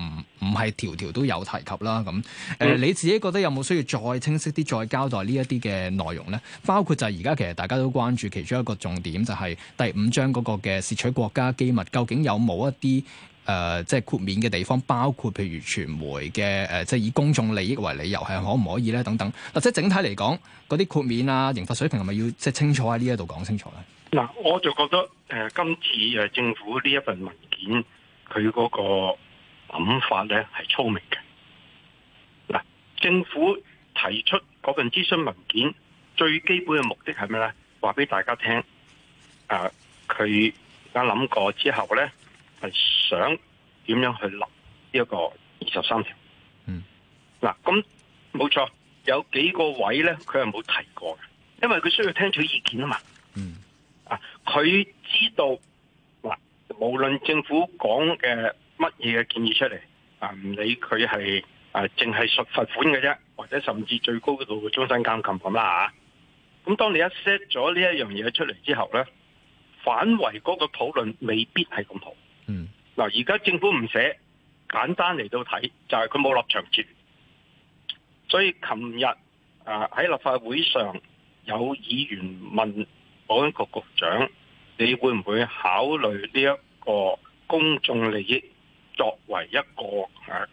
唔係條條都有提及啦。咁、呃嗯呃、你自己覺得有冇需要再清晰啲，再交代呢一啲嘅內容咧？包括就係而家其實大家都關注其中一個重點，就係第五章嗰個嘅竊取國家機密，究竟有冇一啲？誒、呃，即係豁免嘅地方，包括譬如傳媒嘅誒、呃，即係以公眾利益為理由係可唔可以咧？等等，嗱，即係整體嚟講，嗰啲豁免啊，刑法水平係咪要即係清楚喺呢一度講清楚咧？嗱，我就覺得誒、呃，今次誒政府呢一份文件，佢嗰個諗法咧係聰明嘅。嗱，政府提出嗰份諮詢文件，最基本嘅目的係咩咧？話俾大家聽，誒、呃，佢而家諗過之後咧。係想點樣去立呢一個二十三條？嗯，嗱、啊，咁冇錯，有幾個位咧，佢係冇提過嘅，因為佢需要聽取意見啊嘛。嗯啊，啊，佢知道，嗱，無論政府講嘅乜嘢嘅建議出嚟，啊，唔理佢係啊，淨係罰罰款嘅啫，或者甚至最高度嘅終身監禁咁啦吓。咁、啊、當你一 set 咗呢一樣嘢出嚟之後咧，反為嗰個討論未必係咁好。嗯，嗱，而家政府唔寫，簡單嚟到睇就係佢冇立場節，所以琴日誒喺立法會上有議員問保安局局長，你會唔會考慮呢一個公眾利益作為一個誒、啊、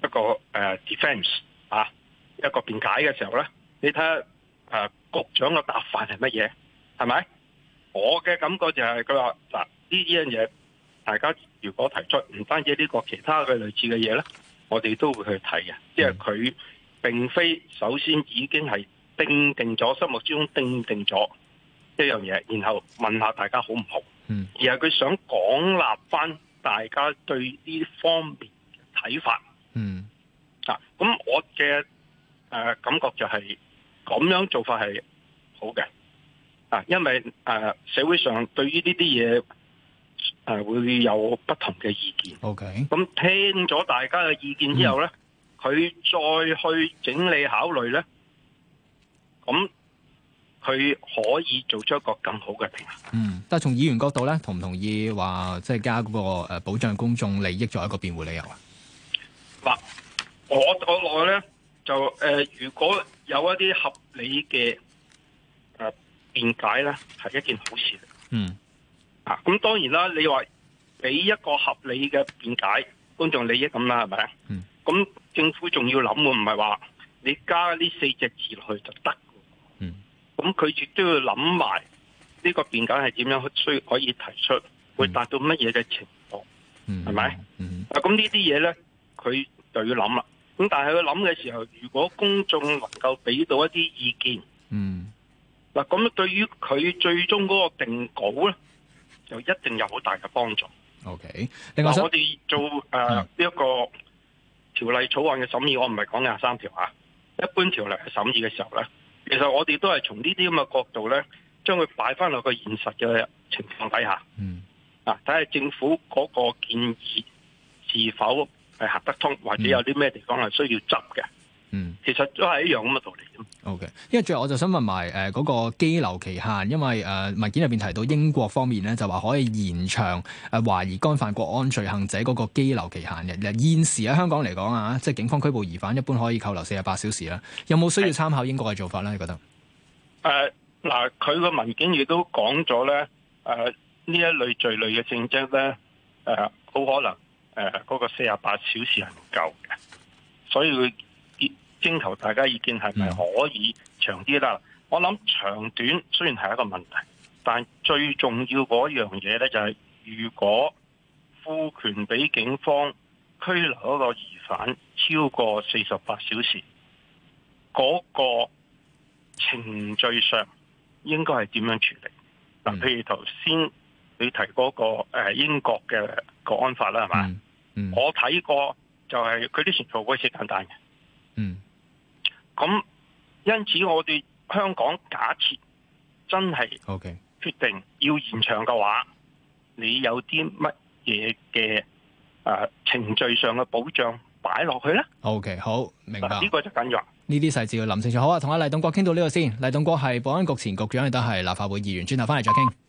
一個誒、啊、defense 啊，一個辯解嘅時候咧，你睇下誒局長嘅答法係乜嘢？係咪？我嘅感覺就係佢話嗱。呢啲嘢，大家如果提出，唔單止呢個其他嘅類似嘅嘢呢，我哋都會去睇嘅。嗯、即係佢並非首先已經係定定咗，心目之中定定咗一樣嘢，然後問下大家好唔好？嗯。而係佢想講立翻大家對呢方面嘅睇法。嗯。啊，咁我嘅、呃、感覺就係、是、咁樣做法係好嘅。啊，因為誒、呃、社會上對於呢啲嘢，誒、啊，會有不同嘅意見。OK，咁聽咗大家嘅意見之後咧，佢、嗯、再去整理考慮咧，咁佢可以做出一個更好嘅平衡。嗯，但係從議員角度咧，同唔同意話即係加個誒保障公眾利益作為一個辯護理由啊？嗱，我我我咧就誒、呃，如果有一啲合理嘅誒辯解咧，係一件好事。嗯。啊，咁當然啦！你話俾一個合理嘅辯解，公眾利益咁啦，係咪啊？咁、嗯、政府仲要諗嘅，唔係話你加呢四隻字落去就得。嗯，咁佢亦都要諗埋呢個辯解係點樣需可以提出，會達到乜嘢嘅情況。嗯，係咪吧、嗯？嗯，咁呢啲嘢咧，佢就要諗啦。咁但係佢諗嘅時候，如果公眾能夠俾到一啲意見，嗯，嗱，咁對於佢最終嗰個定稿咧，就一定有好大嘅幫助。OK，另外我哋做誒呢一個條例草案嘅審議，我唔係講廿三條啊，一般條例嘅審議嘅時候咧，其實我哋都係從呢啲咁嘅角度咧，將佢擺翻落個現實嘅情況底下。嗯，啊，睇下政府嗰個建議是否係行得通，或者有啲咩地方係需要執嘅。嗯，其實都係一樣咁嘅道理。OK，因為最後我就想問埋誒嗰個羈留期限，因為誒、呃、文件入邊提到英國方面咧就話可以延長誒懷、呃、疑干犯國安罪行者嗰個羈留期限嘅。嗱，現時喺香港嚟講啊，即係警方拘捕疑犯一般可以扣留四十八小時啦。有冇需要參考英國嘅做法咧？你覺得？誒、呃，嗱，佢個文件亦都講咗咧，誒、呃、呢一類罪類嘅性質咧，誒、呃、好可能誒嗰、呃那個四十八小時係唔夠嘅，所以佢。徵求大家意見係咪可以長啲啦？嗯、我諗長短雖然係一個問題，但最重要嗰樣嘢呢，就係、是，如果賦權俾警方拘留一個疑犯超過四十八小時，嗰、那個程序上應該係點樣處理？嗱、嗯，譬如頭先你提嗰個誒英國嘅國安法啦，係嘛？我睇過就係佢啲程序好簡單嘅，嗯。咁，因此我哋香港假設真係決定要延長嘅話，你有啲乜嘢嘅誒程序上嘅保障擺落去咧？OK，好明白。呢個就緊要，呢啲細節要諗清楚。好啊，同阿黎棟國傾到呢度先。黎棟國係保安局前局長，亦都係立法會議員。轉頭翻嚟再傾。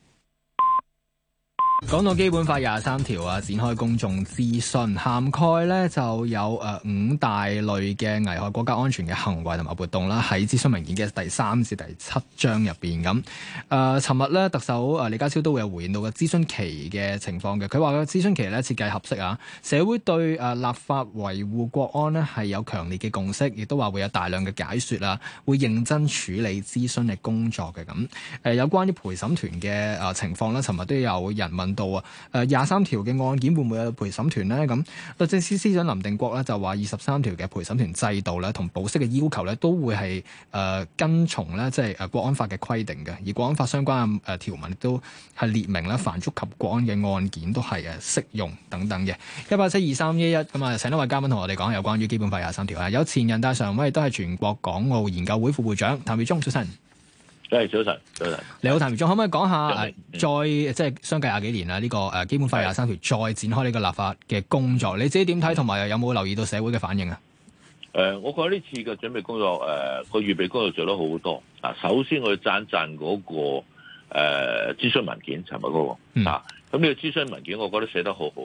講到基本法廿三條啊，展開公眾諮詢，涵蓋咧就有誒五大類嘅危害國家安全嘅行為同埋活動啦，喺諮詢文件嘅第三至第七章入邊咁。誒、呃，尋日咧特首誒李家超都會有回應到嘅諮詢期嘅情況嘅，佢話個諮詢期咧設計合適啊，社會對誒立法維護國安咧係有強烈嘅共識，亦都話會有大量嘅解説啦，會認真處理諮詢嘅工作嘅咁。誒、呃，有關於陪審團嘅誒情況咧，尋日都有人問。度啊，誒廿三條嘅案件會唔會有陪審團咧？咁律政司司長林定國咧就話：二十三條嘅陪審團制度咧，同保釋嘅要求咧，都會係誒、呃、跟從咧，即係誒國安法嘅規定嘅。而國安法相關嘅誒條文都係列明咧，凡觸及國安嘅案件都係誒適用等等嘅。一八七二三一一咁啊，請多位嘉賓同我哋講有關於基本法廿三條啊。有前人大常委都係全國港澳研究會副會長譚耀宗，早晨。真係早晨，早晨。你好，譚耀宗，可唔可以講下，嗯、再即係相隔廿幾年啦？呢、這個誒基本法廿三條再展開呢個立法嘅工作，嗯、你自己點睇？同埋有冇留意到社會嘅反應啊？誒、呃，我覺得呢次嘅準備工作，誒、呃，個預備工作做得好好多啊。首先，我要讚讚嗰個誒諮詢文件尋日嗰個啊？咁呢個諮詢文件，我覺得寫得好好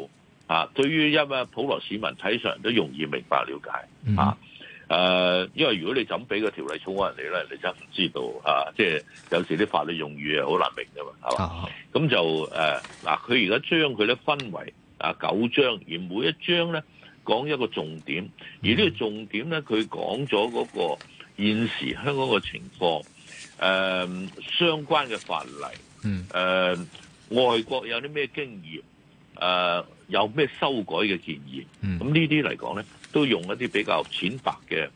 啊。對於一班普羅市民睇上都容易明白了解啊。嗯誒、呃，因為如果你就咁俾個條例草案人哋咧，你真係唔知道嚇、啊，即係有時啲法律用語係好難明㗎嘛，係嘛？咁、啊、就誒嗱，佢而家將佢咧分為啊九章，而每一章咧講一個重點，而呢個重點咧，佢講咗嗰個現時香港嘅情況，誒、呃、相關嘅法例，嗯，誒、呃、外國有啲咩經驗，誒、呃、有咩修改嘅建議，咁、嗯、呢啲嚟講咧。都用一啲比較淺白嘅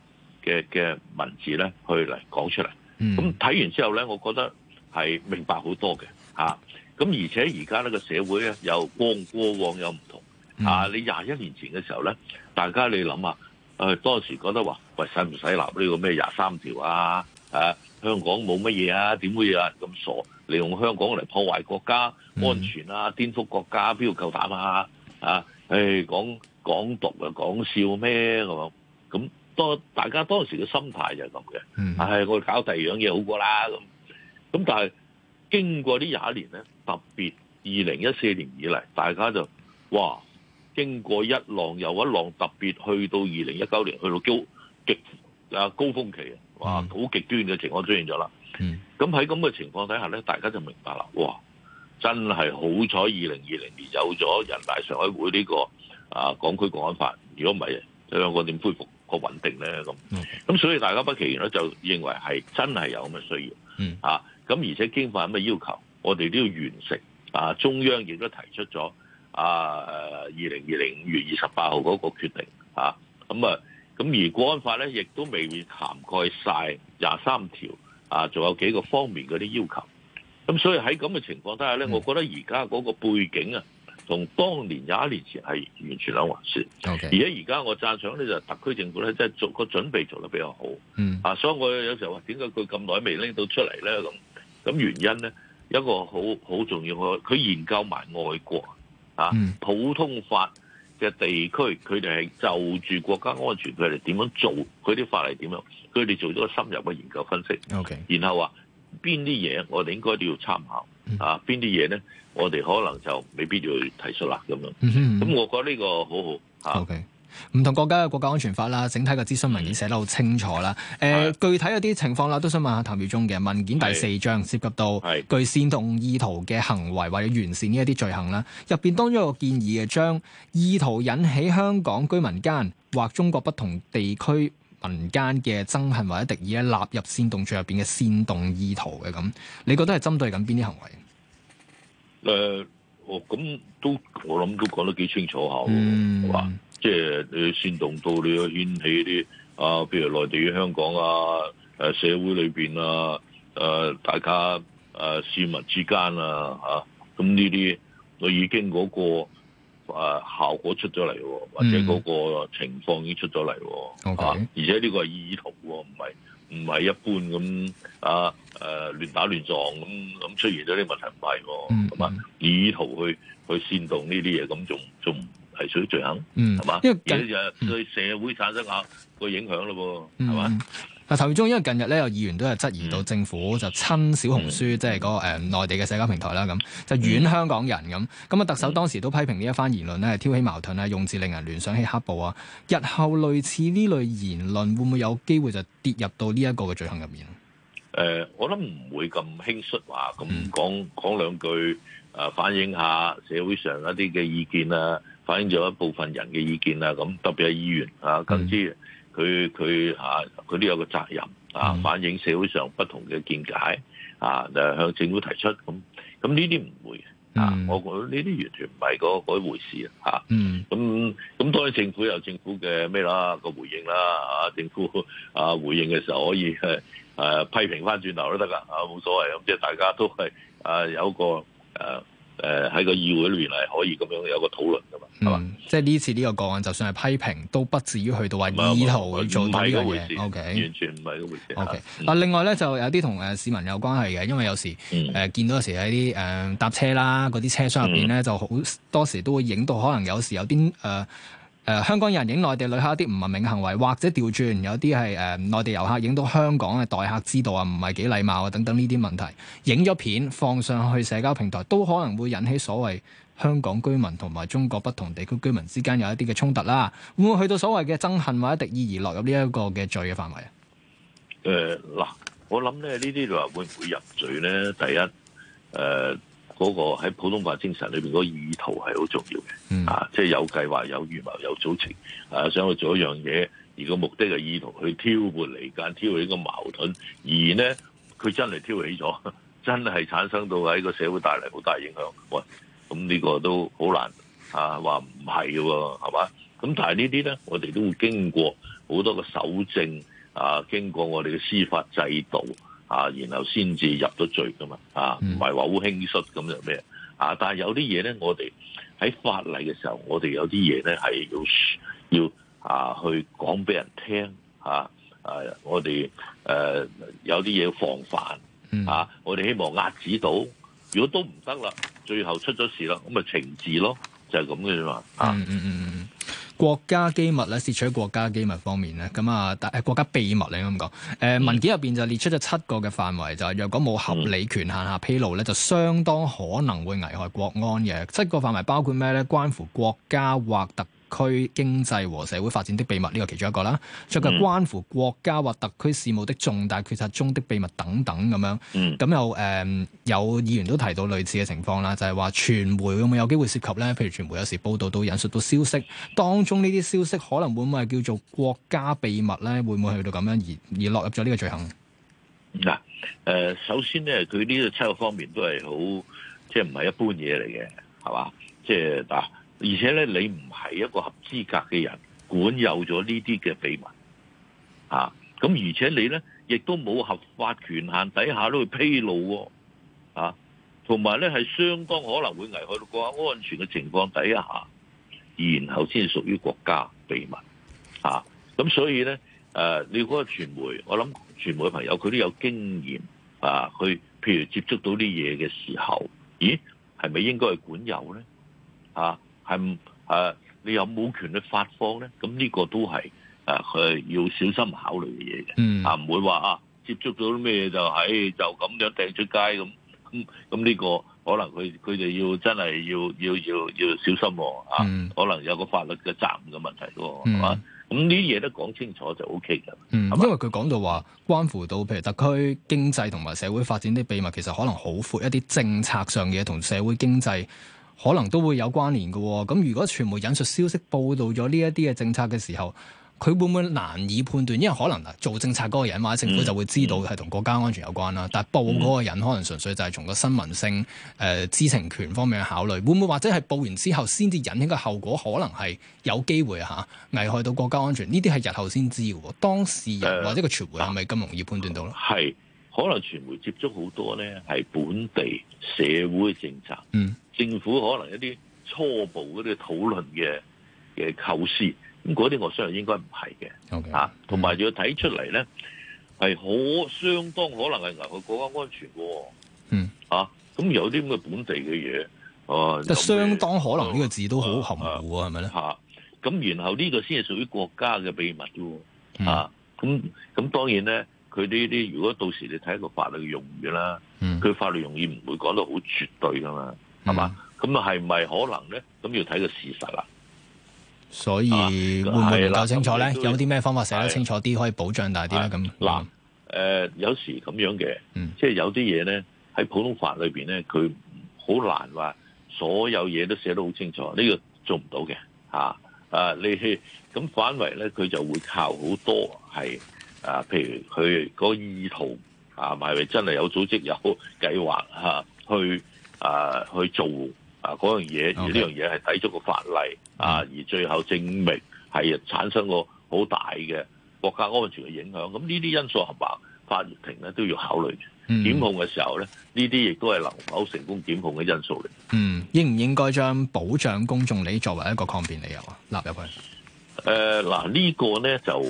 嘅嘅文字咧，去嚟講出嚟。咁睇、嗯、完之後咧，我覺得係明白好多嘅嚇。咁、啊、而且而家呢個社會咧又光過往有唔同啊！你廿一年前嘅時候咧，大家你諗下，誒、呃、當時覺得話喂使唔使立呢個咩廿三條啊？啊香港冇乜嘢啊？點會有人咁傻！利用香港嚟破壞國家安全啊，顛覆國家，邊度夠膽啊？啊誒、哎、講。講獨啊，講,講笑咩咁？咁當大家當時嘅心態就係咁嘅，唉、mm hmm. 哎，我哋搞第二樣嘢好過啦咁。咁但係經過呢廿一年咧，特別二零一四年以嚟，大家就哇，經過一浪又一浪，特別去到二零一九年去到高極啊高峰期啊，哇，好極端嘅情況出現咗啦。咁喺咁嘅情況底下咧，大家就明白啦，哇，真係好彩二零二零年有咗人大常委會呢、呢個。啊，港區國安法，如果唔係，香港點恢復個穩定咧？咁，咁所以大家不期然咧，就認為係真係有咁嘅需要。嚇、啊，咁而且經法咁嘅要求，我哋都要完成。啊，中央亦都提出咗啊，二零二零五月二十八號嗰個決定。咁啊，咁而國安法咧，亦都未涵蓋晒廿三條。啊，仲有幾個方面嗰啲要求。咁所以喺咁嘅情況底下咧，我覺得而家嗰個背景啊，同當年廿一年前係完全兩回事，而而家我讚賞呢就特區政府咧，即係做個準備做得比較好。嗯，mm. 啊，所以我有時候話點解佢咁耐未拎到出嚟咧？咁咁原因咧，一個好好重要，佢研究埋外國啊，mm. 普通法嘅地區，佢哋係就住國家安全佢哋點樣做，佢啲法例點樣，佢哋做咗個深入嘅研究分析。OK，然後話邊啲嘢我哋應該都要參考啊？邊啲嘢咧？我哋可能就未必要去提出啦，咁樣。咁、mm hmm. 我覺得呢個好好。O K，唔同國家嘅國家安全法啦，整體嘅諮詢文件寫得好清楚啦。誒，具體有啲情況啦，都想問下譚耀宗嘅文件第四章的涉及到具煽動意圖嘅行為或者完善呢一啲罪行啦，入面當中有一個建議嘅將意圖引起香港居民間或中國不同地區民間嘅憎恨或者敵意咧，納入煽動罪入面嘅煽動意圖嘅咁你覺得係針對緊邊啲行為？誒，我咁都，我諗都講得幾清楚下喎，嘛？ 即係你煽動到你去掀起啲，啊，譬如內地嘅香港啊，誒、嗯，社會裏邊啊，誒，大家誒市民之間啊，吓、嗯，咁呢啲，我已經嗰個誒效果出咗嚟，或者嗰個情況已經出咗嚟，吓、嗯，而且呢個係意圖，唔係。唔係一般咁啊，誒、啊，亂打亂撞咁，咁、啊、出現咗啲問題，唔係、嗯，咁啊意圖去去煽動呢啲嘢，咁仲仲係屬於罪行，係嘛？有就對社會產生下個影響咯，係嘛、嗯？吧嗱，頭中，因為近日咧有議員都係質疑到政府、嗯、就親小紅書，即係嗰個誒、嗯、內地嘅社交平台啦，咁就遠香港人咁。咁啊，特首當時都批評呢一番言論咧，挑起矛盾啊，用字令人聯想起黑暴啊。日後類似呢類言論，會唔會有機會就跌入到呢一個嘅罪行入面？誒、呃，我諗唔會咁輕率話，咁講講兩句啊，反映下社會上一啲嘅意見啊，反映咗一部分人嘅意見啊，咁特別係議員啊，更之。嗯佢佢嚇，佢都有個責任啊，反映社會上不同嘅見解啊，誒向政府提出咁，咁呢啲唔會啊，嗯、我覺得呢啲完全唔係嗰一回事、嗯、啊。嗯，咁咁當然政府有政府嘅咩啦個回應啦啊，政府啊回應嘅時候可以誒批評翻轉頭都得㗎啊，冇所謂咁，即係大家都係啊有個誒。誒，喺個議會裏面係可以咁樣有個討論噶嘛？嗯，係嘛，即係呢次呢個個案，就算係批評，都不至於去到話意圖去做呢樣嘢。O K，完全唔係回事。O K，嗱，Okay。嗯，另外咧就有啲同誒市民有關係嘅，因為有時誒，嗯，呃，見到有時喺啲誒搭車啦，嗰啲車廂入邊咧就好多時都會影到，可能有時有啲誒，呃誒、呃、香港人影內地旅客一啲唔文明嘅行為，或者調轉有啲係誒內地遊客影到香港嘅待客之道啊，唔係幾禮貌啊，等等呢啲問題，影咗片放上去社交平台，都可能會引起所謂香港居民同埋中國不同地區居民之間有一啲嘅衝突啦。會唔會去到所謂嘅憎恨或者敵意而落入呢一個嘅罪嘅範圍啊？誒嗱、呃，我諗咧呢啲話會唔會入罪呢？第一誒。呃嗰個喺普通法精神裏面，嗰個意圖係好重要嘅，啊，即係有計劃、有預謀、有組織，啊，想去做一樣嘢，而個目的係意圖去挑撥離間、挑起一個矛盾，而呢，佢真係挑起咗，真係產生到喺個社會帶嚟好大影響，喂，咁呢個都好難啊，話唔係喎，係嘛？咁但係呢啲呢，我哋都會經過好多個搜證，啊，經過我哋嘅司法制度。啊，然後先至入到罪噶嘛，啊，唔係話好輕率咁就咩？啊，但係有啲嘢咧，我哋喺法例嘅時候，我哋有啲嘢咧係要要啊，去講俾人聽啊，啊，我哋誒、啊、有啲嘢要防範啊，我哋希望壓止到，如果都唔得啦，最後出咗事啦，咁咪懲治咯，就係咁嘅啫嘛，啊。嗯嗯嗯。國家機密咧，竊取國家機密方面咧，咁啊，大國家秘密嚟咁講，誒文件入邊就列出咗七個嘅範圍，就係、嗯、若果冇合理權限下披露咧，就相當可能會危害國安嘅。七個範圍包括咩咧？關乎國家或特區經濟和社會發展的秘密，呢個其中一個啦，涉及關乎國家或特區事務的重大決策中的秘密等等咁樣，咁又誒有議員都提到類似嘅情況啦，就係話傳媒會唔會有機會涉及咧？譬如傳媒有時報道到引述到消息當中呢啲消息，可能會唔會係叫做國家秘密咧？會唔會去到咁樣而而落入咗呢個罪行？嗱，誒，首先咧，佢呢個七個方面都係好即係唔係一般嘢嚟嘅，係嘛，即係嗱。呃而且咧，你唔係一個合資格嘅人，管有咗呢啲嘅秘密，啊，咁而且你咧，亦都冇合法權限底下都會披露喎，啊，同埋咧係相當可能會危害到國家安全嘅情況底下，然後先屬於國家秘密，啊，咁所以咧，誒，你嗰個傳媒，我諗傳媒嘅朋友佢都有經驗，啊，佢譬如接觸到啲嘢嘅時候，咦，係咪應該去管有咧，啊？係誒、啊，你有冇權力發放咧？咁呢個都係誒，佢、啊、要小心考慮嘅嘢嘅，啊唔會話啊接觸到咩嘢就喺、哎、就咁樣掟出街咁，咁咁呢個可能佢佢哋要真係要要要要小心喎、啊，啊可能有個法律嘅責任嘅問題喎、啊，係嘛、嗯？咁呢啲嘢都講清楚就 O K 㗎。嗯，吧因為佢講到話關乎到譬如特區經濟同埋社會發展啲秘密，其實可能好闊，一啲政策上嘅嘢同社會經濟。可能都會有關聯嘅、哦，咁如果傳媒引述消息報道咗呢一啲嘅政策嘅時候，佢會唔會難以判斷？因為可能做政策嗰個人或者政府就會知道係同國家安全有關啦。嗯、但係報嗰個人可能純粹就係從個新聞性誒知情權方面去考慮，會唔會或者係報完之後先至引起個後果？可能係有機會嚇危害到國家安全。呢啲係日後先知喎，當事人或者個傳媒係咪咁容易判斷到咧？係、呃、可能傳媒接觸好多呢係本地社會政策。嗯。政府可能一啲初步嗰啲討論嘅嘅構思，咁嗰啲我相信應該唔係嘅，嚇 Okay.、啊。同埋仲要睇出嚟咧，係可、mm. 相當可能係危害國家安全嘅，嗯、啊，嚇。咁有啲咁嘅本地嘅嘢，哦、啊，即係相當可能呢個字都好含糊啊，係咪咧？嚇吧，咁、啊、然後呢個先係屬於國家嘅秘密嘅，啊，咁咁、嗯啊、當然咧，佢呢啲如果到時你睇一個法律用語啦，佢法律用語唔會講得好絕對噶嘛。係嘛？咁啊，係 咪可能咧？咁要睇個事實啦。所以會唔會搞清楚咧？啊、有啲咩方法寫得清楚啲，的可以保障大啲啊？咁嗱的，誒、嗯呃，有時咁樣嘅，嗯、即係有啲嘢咧，喺普通法裏邊咧，佢好難話所有嘢都寫得好清楚，呢、這個做唔到嘅吓。誒、啊，你去咁反為咧，佢就會靠好多係啊，譬如佢嗰意圖啊，埋嚟真係有組織有計劃吓去。啊，去做啊嗰樣嘢，Okay. 而呢樣嘢係抵觸個法例，嗯、啊，而最後證明係產生個好大嘅國家安全嘅影響。咁呢啲因素合埋，法院庭咧都要考慮檢、嗯、控嘅時候咧，呢啲亦都係能否成功檢控嘅因素嚟。嗯，應唔應該將保障公眾利益作為一個抗辯理由啊？納入去？誒、呃，嗱、這個、呢個咧就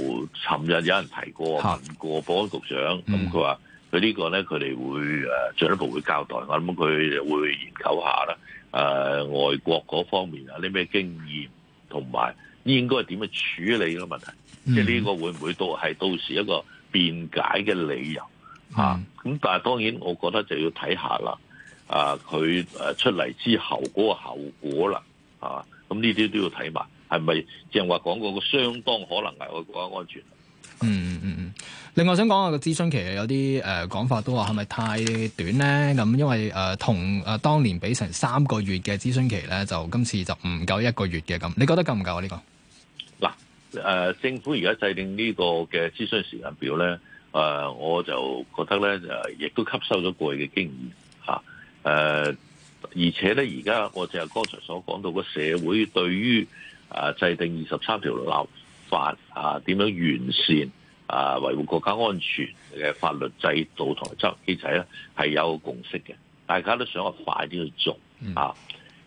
尋日有人提過，問哈過保安局長，咁佢話。嗯佢呢個咧，佢哋會誒，進一步會交代。我諗佢會研究一下啦。誒、呃，外國嗰方面、啊、經驗還有啲咩經驗，同埋應該點樣處理呢個問題。嗯、即係呢個會唔會到係到時一個辯解嘅理由啊？咁、嗯、但係當然，我覺得就要睇下啦。啊，佢誒出嚟之後嗰個後果啦。啊，咁呢啲都要睇埋，係咪正話講過個相當可能危害國家安全？嗯嗯嗯嗯，另外想講下個諮詢期有啲誒講法都話係咪太短咧？咁因為誒、呃、同誒、呃、當年比成三個月嘅諮詢期咧，就今次就唔夠一個月嘅咁。你覺得夠唔夠、這個、啊？呢個嗱誒，政府而家制定呢個嘅諮詢時間表咧，誒、呃、我就覺得咧就亦都吸收咗過去嘅經驗嚇誒、啊呃，而且咧而家我就係剛才所講到個社會對於誒、啊、制定二十三條立法啊，點樣完善啊，維護國家安全嘅法律制度同埋執行機制咧，係有共識嘅。大家都想話快啲去做啊。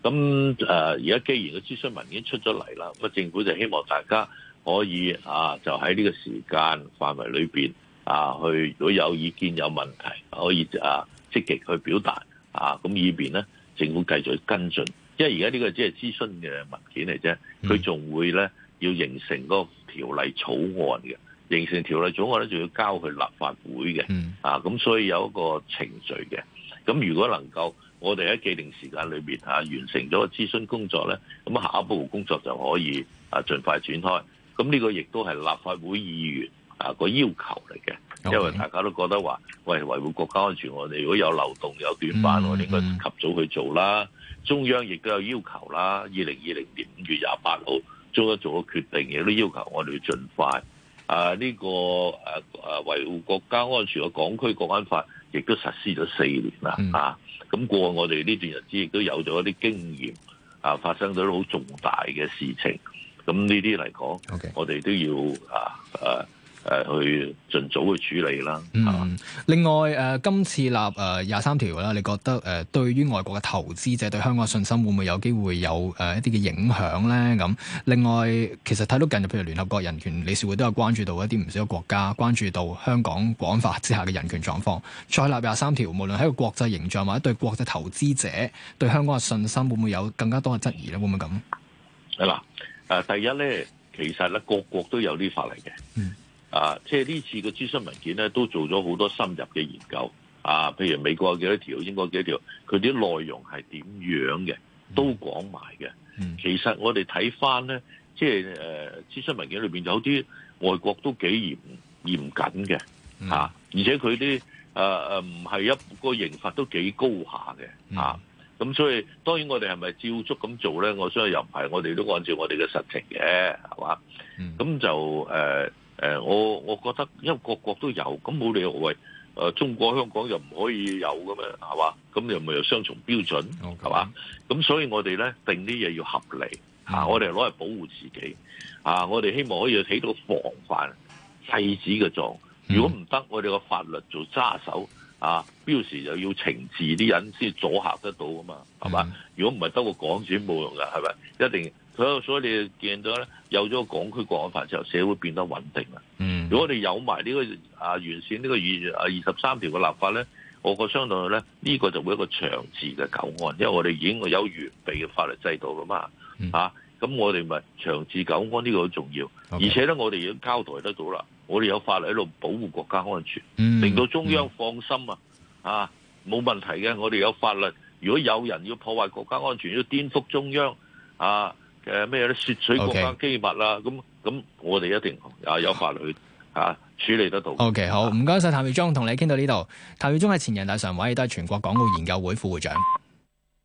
咁誒，而家既然個諮詢文件出咗嚟啦，咁啊政府就希望大家可以啊，就喺呢個時間範圍裏邊啊，去如果有意見有問題，可以啊積極去表達啊。咁以便咧，政府繼續跟進，因為而家呢個只係諮詢嘅文件嚟啫，佢仲會咧。要形成個條例草案嘅，形成條例草案咧，就要交去立法會嘅。嗯、啊，咁所以有一個程序嘅。咁如果能夠我哋喺既定時間裏邊啊完成咗個諮詢工作咧，咁下一步工作就可以啊，盡快展開。咁呢個亦都係立法會議員啊個要求嚟嘅，Okay. 因為大家都覺得話，喂，維護國家安全，我哋如果有漏洞有短板，嗯、我哋應該及早去做啦。嗯、中央亦都有要求啦。二零二零年五月廿八號。做一做個決定，亦都要求我哋要盡快。啊，呢、呢個誒誒、啊、維護國家安全嘅港區國安法，亦都實施咗四年啦。嗯、啊，咁過我哋呢段日子亦都有咗一啲經驗。啊，發生咗好重大嘅事情。咁呢啲嚟講，Okay. 我哋都要啊，誒誒、啊、去盡早去處理啦。嗯，吧另外誒、呃、今次立誒廿三條啦，你覺得誒、呃、對於外國嘅投資者對香港嘅信心會唔會有機會有誒、呃、一啲嘅影響咧？咁另外其實睇到近日譬如聯合國人權理事會都有關注到一啲唔少嘅國家關注到香港《國安法》之下嘅人權狀況。再立廿三條，無論喺個國際形象或者對國際投資者對香港嘅信心，會唔會有更加多嘅質疑咧？會唔會咁？係啦，誒第一咧，其實咧各國都有啲法例嘅，嗯。啊！即係呢次嘅諮詢文件咧，都做咗好多深入嘅研究啊。譬如美國有幾多條，英國幾多條，佢啲內容係點樣嘅，嗯、都講埋嘅。嗯、其實我哋睇翻咧，即係誒諮詢文件裏邊有啲外國都幾嚴嚴謹嘅嚇，啊嗯、而且佢啲誒誒唔係一個刑罰都幾高下嘅嚇。咁、啊嗯啊、所以當然我哋係咪照足咁做咧？我所以又唔係，我哋都按照我哋嘅實情嘅，係嘛？咁、嗯、就誒。呃誒、呃，我我覺得因為各國都有，咁冇理由喂，誒、呃、中國香港又唔可以有㗎嘛，係嘛？咁又咪有雙重標準，係嘛？咁 Okay. 所以我哋咧定啲嘢要合理嚇、嗯啊，我哋攞嚟保護自己啊！我哋希望可以起到防範制止嘅作用。如果唔得，嗯、我哋個法律做揸手啊，標示又要懲治啲人先阻嚇得到啊嘛，係嘛？如果唔係得個講字冇用㗎，係咪一定？嗯、所以你見到咧，有咗港區國安法之後，社會變得穩定啦。嗯，如果我哋有埋呢、這個啊完善呢個二二十三條嘅立法咧，我覺相對咧呢、這個就會一個長治嘅久安，因為我哋已經有完備嘅法律制度噶嘛。啊，咁我哋咪長治久安呢個好重要。而且咧，我哋已經交代得到啦，我哋有法律喺度保護國家安全，令到中央放心啊啊冇問題嘅。我哋有法律，如果有人要破壞國家安全，要顛覆中央啊！誒咩啲涉水國家機密啦，咁咁 Okay. 我哋一定啊有法律去處理得到。O、okay, K，好唔該晒。譚耀宗同你傾到呢度。譚耀宗係前人大常委，亦都係全國港澳研究會副會長。